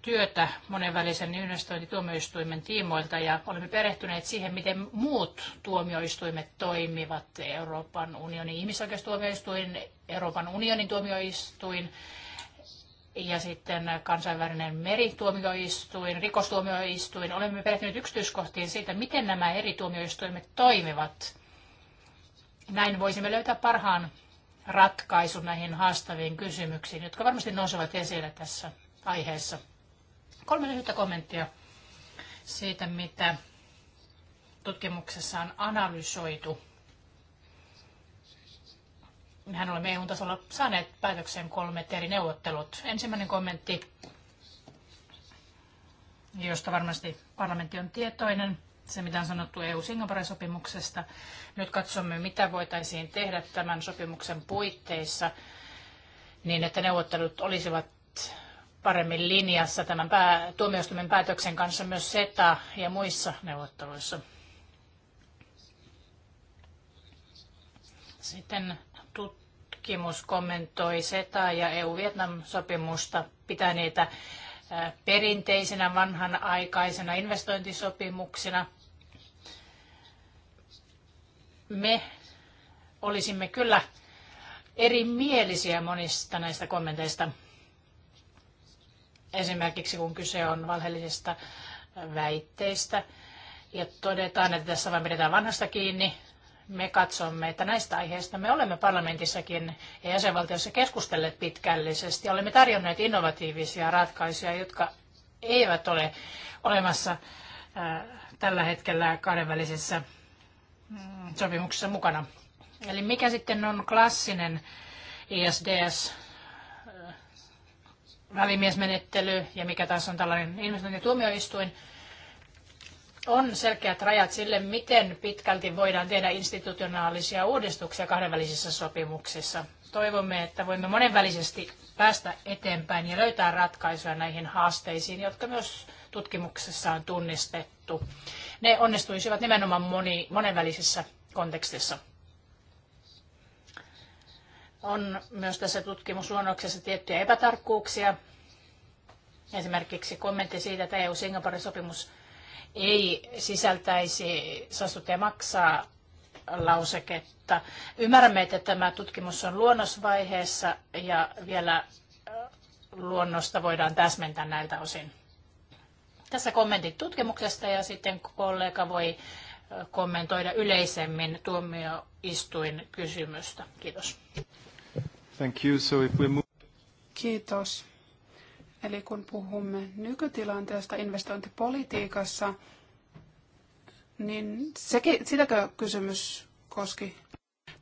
C: työtä monenvälisen investointituomioistuimen tiimoilta ja olemme perehtyneet siihen, miten muut tuomioistuimet toimivat, Euroopan unionin ihmisoikeustuomioistuin, Euroopan unionin tuomioistuin ja sitten kansainvälinen merituomioistuin, rikostuomioistuin. Olemme perehtyneet yksityiskohtiin siitä, miten nämä eri tuomioistuimet toimivat. Näin voisimme löytää parhaan ratkaisun näihin haastaviin kysymyksiin, jotka varmasti nousevat esille tässä aiheessa. Kolme lyhyttä kommenttia siitä, mitä tutkimuksessa on analysoitu mehän olemme EU-tasolla saaneet päätökseen kolmet eri neuvottelut. Ensimmäinen kommentti, josta varmasti parlamentti on tietoinen, se mitä on sanottu EU-Singapore-sopimuksesta. Nyt katsomme, mitä voitaisiin tehdä tämän sopimuksen puitteissa niin, että neuvottelut olisivat paremmin linjassa tämän pää, tuomioistuimen päätöksen kanssa myös SETA ja muissa neuvotteluissa. Sitten tutkimus kommentoi SETA ja EU-Vietnam-sopimusta, pitäneitä perinteisenä vanhanaikaisena investointisopimuksena. Me olisimme kyllä erimielisiä monista näistä kommenteista. Esimerkiksi kun kyse on valheellisista väitteistä ja todetaan, että tässä vain pidetään vanhasta kiinni, me katsomme, että näistä aiheista me olemme parlamentissakin ja jäsenvaltioissa keskustelleet pitkällisesti. Olemme tarjonneet innovatiivisia ratkaisuja, jotka eivät ole olemassa äh, tällä hetkellä kahdenvälisissä mm, sopimuksissa mukana. Eli mikä sitten on klassinen ISDS äh, välimiesmenettely ja mikä taas on tällainen investointituomioistuin. tuomioistuin on selkeät rajat sille, miten pitkälti voidaan tehdä institutionaalisia uudistuksia kahdenvälisissä sopimuksissa. Toivomme, että voimme monenvälisesti päästä eteenpäin ja löytää ratkaisuja näihin haasteisiin, jotka myös tutkimuksessa on tunnistettu. Ne onnistuisivat nimenomaan moni, monenvälisessä kontekstissa. On myös tässä tutkimusluonnoksessa tiettyjä epätarkkuuksia. Esimerkiksi kommentti siitä, että EU-Singapore-sopimus ei sisältäisi saastuttaja maksaa lauseketta. Ymmärrämme, että tämä tutkimus on luonnosvaiheessa ja vielä äh, luonnosta voidaan täsmentää näiltä osin. Tässä kommentit tutkimuksesta ja sitten kollega voi äh, kommentoida yleisemmin tuomioistuin kysymystä. Kiitos. Thank you. So if we move...
B: Kiitos. Eli kun puhumme nykytilanteesta investointipolitiikassa, niin sekin, sitäkö kysymys koski?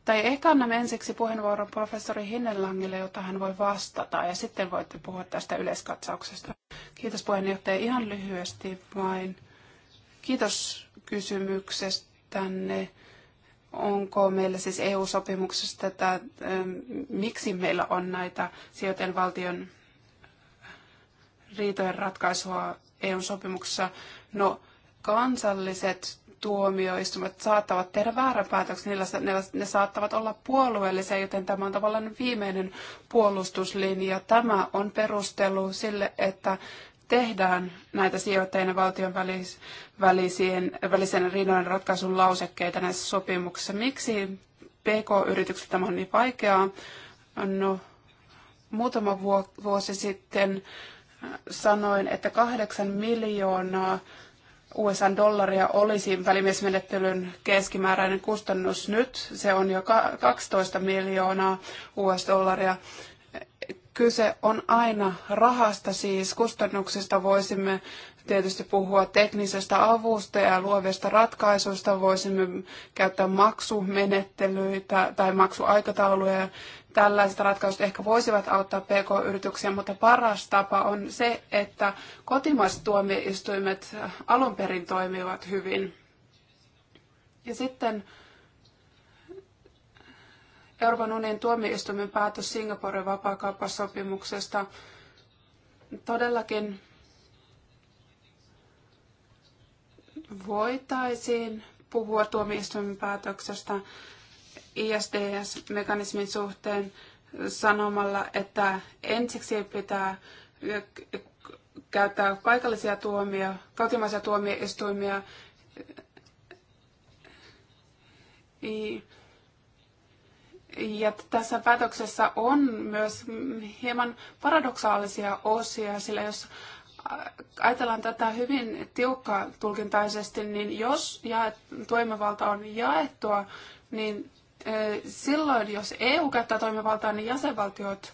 B: Tai ehkä annamme ensiksi puheenvuoron professori Hinnelangille, jota hän voi vastata, ja sitten voitte puhua tästä yleiskatsauksesta. Kiitos puheenjohtaja. Ihan lyhyesti vain. Kiitos kysymyksestänne. Onko meillä siis EU-sopimuksessa tätä, miksi meillä on näitä sijoitusvaltion riitojen ratkaisua EU-sopimuksessa. No, kansalliset tuomioistumat saattavat tehdä väärän päätöksen, niillä, ne, ne saattavat olla puolueellisia, joten tämä on tavallaan viimeinen puolustuslinja. Tämä on perustelu sille, että tehdään näitä sijoittajien valtion välis, välisien, välisen riidojen ratkaisun lausekkeita näissä sopimuksissa. Miksi PK-yrityksillä tämä on niin vaikeaa? No, muutama vuosi sitten sanoin, että kahdeksan miljoonaa USA dollaria olisi välimiesmenettelyn keskimääräinen kustannus nyt. Se on jo 12 miljoonaa US dollaria. Kyse on aina rahasta, siis kustannuksista voisimme tietysti puhua teknisestä avusta ja luovista ratkaisuista, voisimme käyttää maksumenettelyitä tai maksuaikatauluja Tällaiset ratkaisut ehkä voisivat auttaa PK-yrityksiä, mutta paras tapa on se, että kotimaiset tuomioistuimet alun perin toimivat hyvin. Ja sitten Euroopan unionin tuomioistuimen päätös Singaporen vapaakauppasopimuksesta todellakin voitaisiin puhua tuomioistuimen päätöksestä ISDS-mekanismin suhteen sanomalla, että ensiksi pitää käyttää paikallisia tuomia, kotimaisia tuomioistuimia. Ja tässä päätöksessä on myös hieman paradoksaalisia osia, sillä jos ajatellaan tätä hyvin tiukka tulkintaisesti, niin jos ja, toimivalta on jaettua, niin silloin, jos EU käyttää toimivaltaa, niin jäsenvaltiot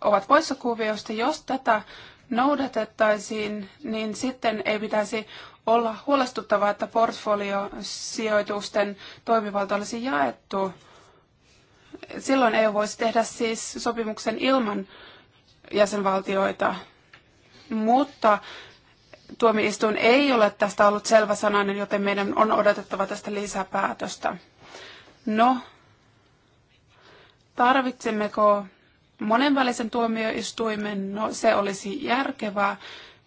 B: ovat poissa kuviosta. Jos tätä noudatettaisiin, niin sitten ei pitäisi olla huolestuttavaa, että portfoliosijoitusten toimivalta olisi jaettu. Silloin EU voisi tehdä siis sopimuksen ilman jäsenvaltioita, mutta tuomioistuin ei ole tästä ollut selväsanainen, joten meidän on odotettava tästä lisäpäätöstä. No, tarvitsemmeko monenvälisen tuomioistuimen? No, se olisi järkevää,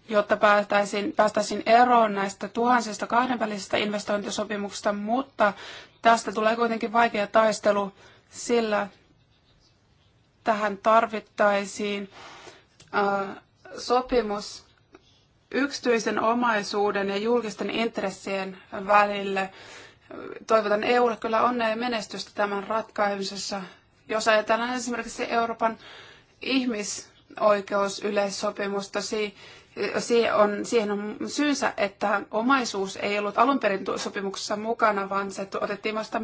B: jotta päästäisiin, päästäisiin eroon näistä tuhansista kahdenvälisistä investointisopimuksista, mutta tästä tulee kuitenkin vaikea taistelu, sillä tähän tarvittaisiin äh, sopimus yksityisen omaisuuden ja julkisten intressien välille toivotan EUlle kyllä onnea ja menestystä tämän ratkaisemisessa. Jos ajatellaan esimerkiksi Euroopan ihmisoikeusyleissopimusta, siihen on, siihen on syynsä, että omaisuus ei ollut alun perin sopimuksessa mukana, vaan se otettiin vasta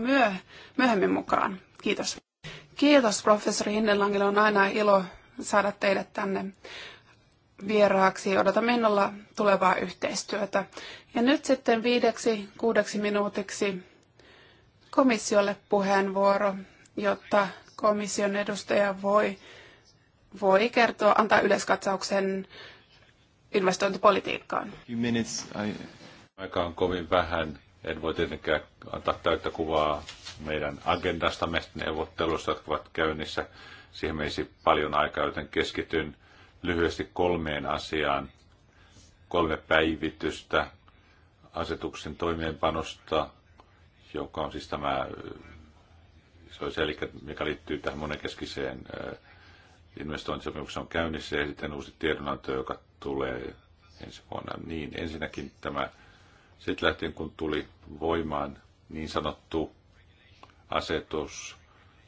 B: myöhemmin mukaan. Kiitos. Kiitos professori Hinnelangille, on aina ilo saada teidät tänne vieraaksi. Odotamme innolla tulevaa yhteistyötä. Ja nyt sitten viideksi, kuudeksi minuutiksi komissiolle puheenvuoro, jotta komission edustaja voi, voi kertoa, antaa yleiskatsauksen investointipolitiikkaan.
A: Aika on kovin vähän. En voi tietenkään antaa täyttä kuvaa meidän agendastamme neuvottelusta, jotka ovat käynnissä. Siihen meisi paljon aikaa, joten keskityn lyhyesti kolmeen asiaan. Kolme päivitystä asetuksen toimeenpanosta, joka on siis tämä, se on se, eli mikä liittyy tähän monenkeskiseen investointisopimuksen on käynnissä ja sitten uusi tiedonanto, joka tulee ensi vuonna. Niin, ensinnäkin tämä, sitten lähtien kun tuli voimaan niin sanottu asetus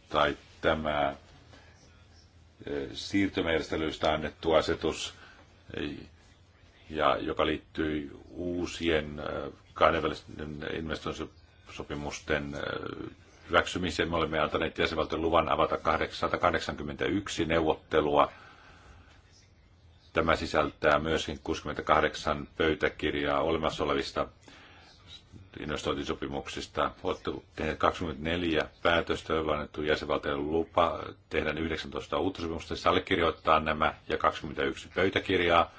A: tai tämä siirtymäjärjestelyistä annettu asetus, ja joka liittyy uusien kahdenvälisten investointisopimusten hyväksymiseen. Me olemme antaneet jäsenvaltion luvan avata 881 neuvottelua. Tämä sisältää myöskin 68 pöytäkirjaa olemassa olevista investointisopimuksista. Olette tehneet 24 päätöstä, joilla on annettu jäsenvaltioiden lupa tehdä 19 uutta sopimusta, siis allekirjoittaa nämä ja 21 pöytäkirjaa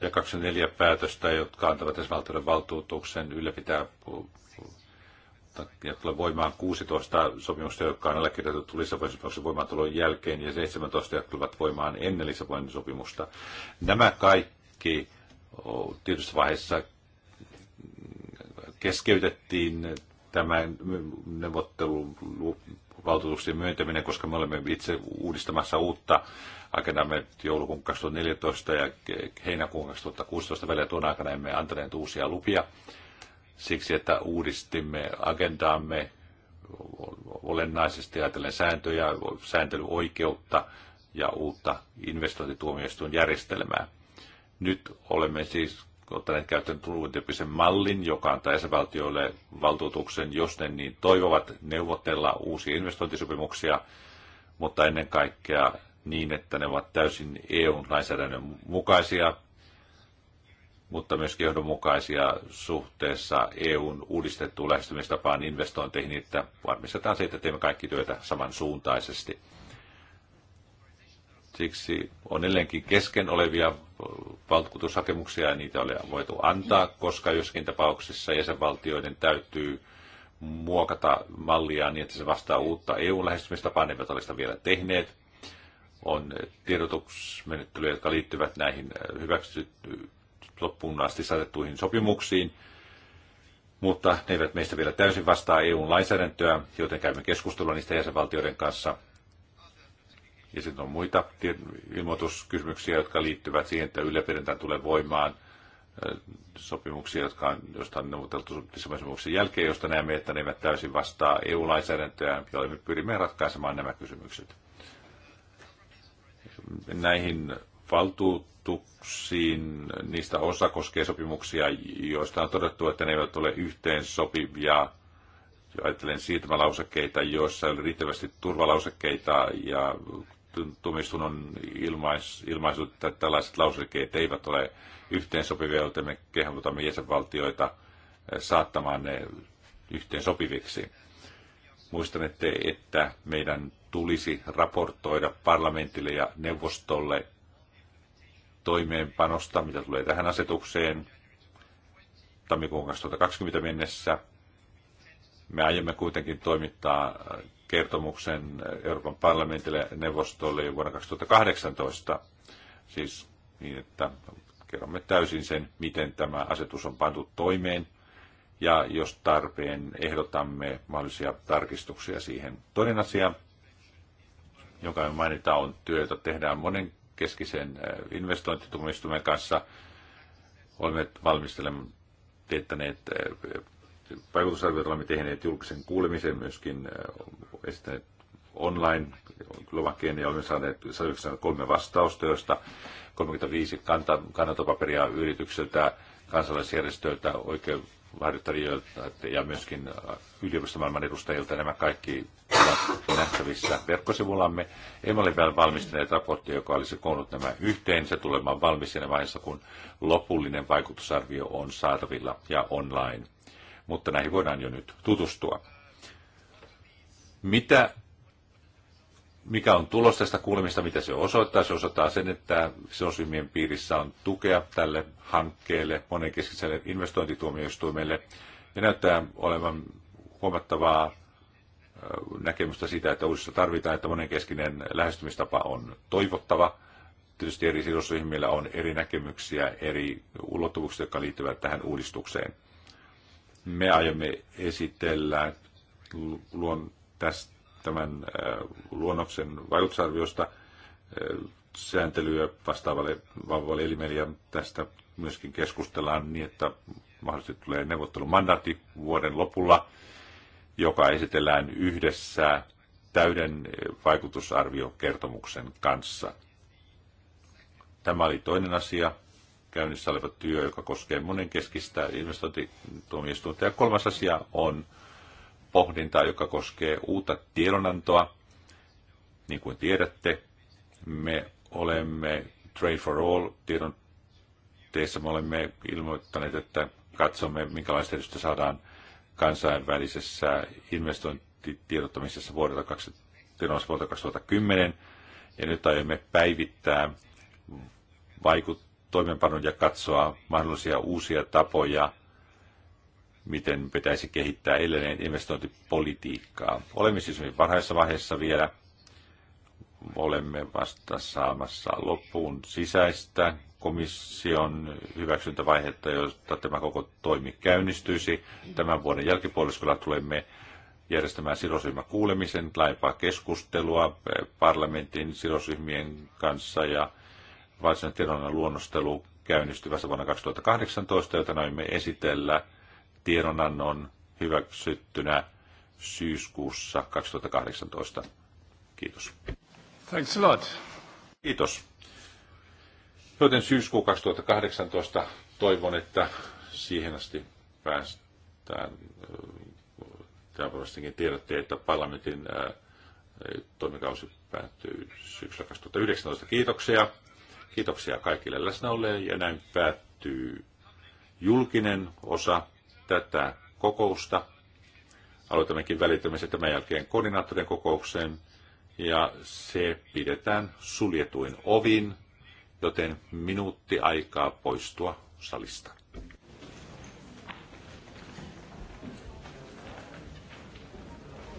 A: ja 24 päätöstä, jotka antavat jäsenvaltioiden valtuutuksen ylläpitää ja tulee voimaan 16 sopimusta, jotka on allekirjoitettu Lissabonin sopimuksen voimaantulon jälkeen ja 17, jotka tulevat voimaan ennen Lissabonin sopimusta. Nämä kaikki tietyssä vaiheessa keskeytettiin tämä neuvotteluvaltuutuksien myöntäminen, koska me olemme itse uudistamassa uutta agendamme joulukuun 2014 ja heinäkuun 2016 välillä tuon aikana emme antaneet uusia lupia siksi, että uudistimme agendaamme olennaisesti ajatellen sääntöjä, sääntelyoikeutta ja uutta investointituomioistuin järjestelmää. Nyt olemme siis ottaneet käyttöön tullun tyyppisen mallin, joka antaa jäsenvaltioille valtuutuksen, jos ne niin toivovat neuvotella uusia investointisopimuksia, mutta ennen kaikkea niin, että ne ovat täysin EU-lainsäädännön mukaisia, mutta myös johdonmukaisia suhteessa EUn uudistettuun lähestymistapaan investointeihin, että varmistetaan se, että teemme kaikki työtä samansuuntaisesti. Siksi on edelleenkin kesken olevia valtuutushakemuksia ja niitä ole voitu antaa, koska joskin tapauksissa jäsenvaltioiden täytyy muokata mallia niin, että se vastaa uutta EU-lähestymistapaa, ne eivät ole sitä vielä tehneet. On tiedotusmenettelyjä, jotka liittyvät näihin hyväksytty loppuun asti saatettuihin sopimuksiin, mutta ne eivät meistä vielä täysin vastaa EUn lainsäädäntöä, joten käymme keskustelua niistä jäsenvaltioiden kanssa ja sitten on muita ilmoituskysymyksiä, jotka liittyvät siihen, että ylläpidetään tulee voimaan sopimuksia, jotka on, joista on neuvoteltu sopimuksen jälkeen, josta näemme, että ne eivät täysin vastaa EU-lainsäädäntöä, jolle me pyrimme ratkaisemaan nämä kysymykset. Näihin valtuutuksiin, niistä osa koskee sopimuksia, joista on todettu, että ne eivät ole yhteen sopivia ajattelen siirtymälausekkeita, joissa ei ole riittävästi turvalausekkeita ja tuomioistuin on ilmais, ilmaisut, että tällaiset lausekkeet eivät ole yhteensopivia, joten me kehotamme jäsenvaltioita eh, saattamaan ne yhteensopiviksi. Muistanette, että meidän tulisi raportoida parlamentille ja neuvostolle toimeenpanosta, mitä tulee tähän asetukseen tammikuun 2020 mennessä. Me aiomme kuitenkin toimittaa kertomuksen Euroopan parlamentille neuvostolle jo vuonna 2018. Siis niin, että kerromme täysin sen, miten tämä asetus on pantu toimeen ja jos tarpeen ehdotamme mahdollisia tarkistuksia siihen. Toinen asia, jonka me mainitaan, on työ, jota tehdään monen keskisen eh, investointituomioistuimen kanssa. Olemme valmistelemaan teettäneet eh, vaikutusarvioita olemme tehneet julkisen kuulemisen myöskin äh, esittäneet online lomakkeen ja olemme saaneet 193 vastausta, joista 35 kanta, kannatopaperia yritykseltä, kansalaisjärjestöiltä, oikein ja myöskin äh, yliopistomaailman edustajilta. Nämä kaikki ovat nähtävissä verkkosivullamme. Emme ole vielä valmistaneet raporttia, joka olisi koonnut nämä yhteen. Se tulemaan valmis siinä vaiheessa, kun lopullinen vaikutusarvio on saatavilla ja online mutta näihin voidaan jo nyt tutustua. Mitä, mikä on tulos tästä kuulemista, mitä se osoittaa? Se osoittaa sen, että sidosryhmien piirissä on tukea tälle hankkeelle, monenkeskiselle investointituomioistuimelle, ja näyttää olevan huomattavaa näkemystä siitä, että uudessa tarvitaan, että monenkeskinen lähestymistapa on toivottava. Tietysti eri sidosryhmillä on eri näkemyksiä, eri ulottuvuuksia, jotka liittyvät tähän uudistukseen. Me aiomme esitellä luon tästä, tämän äh, luonnoksen vaikutusarviosta äh, sääntelyä vastaavalle vahvalle elimelle ja tästä myöskin keskustellaan niin, että mahdollisesti tulee neuvottelumandaatti vuoden lopulla, joka esitellään yhdessä täyden vaikutusarviokertomuksen kanssa. Tämä oli toinen asia käynnissä oleva työ, joka koskee monenkeskistä investointituomioistuinta. Ja kolmas asia on pohdinta, joka koskee uutta tiedonantoa. Niin kuin tiedätte, me olemme Trade for All tiedon teissä me olemme ilmoittaneet, että katsomme, minkälaista edistystä saadaan kansainvälisessä investointitiedottamisessa vuodelta 2010. Ja nyt aiomme päivittää vaikut, toimenpanon ja katsoa mahdollisia uusia tapoja, miten pitäisi kehittää edelleen investointipolitiikkaa. Olemme siis hyvin varhaisessa vaiheessa vielä. Olemme vasta saamassa loppuun sisäistä komission hyväksyntävaihetta, jotta tämä koko toimi käynnistyisi. Tämän vuoden jälkipuoliskolla tulemme järjestämään sidosryhmäkuulemisen, laajempaa keskustelua eh, parlamentin sidosryhmien kanssa ja varsinainen tiedonannon luonnostelu käynnistyy vasta vuonna 2018, jota noimme esitellä tiedonannon hyväksyttynä syyskuussa 2018. Kiitos. Thanks a lot. Kiitos. Joten syyskuu 2018 toivon, että siihen asti päästään. Tämä tiedotte, että parlamentin toimikausi päättyy syksyllä 2019. Kiitoksia. Kiitoksia kaikille läsnäolleen ja näin päättyy julkinen osa tätä kokousta. Aloitammekin välittömästi tämän jälkeen koordinaattorien kokoukseen ja se pidetään suljetuin ovin, joten minuutti aikaa poistua salista.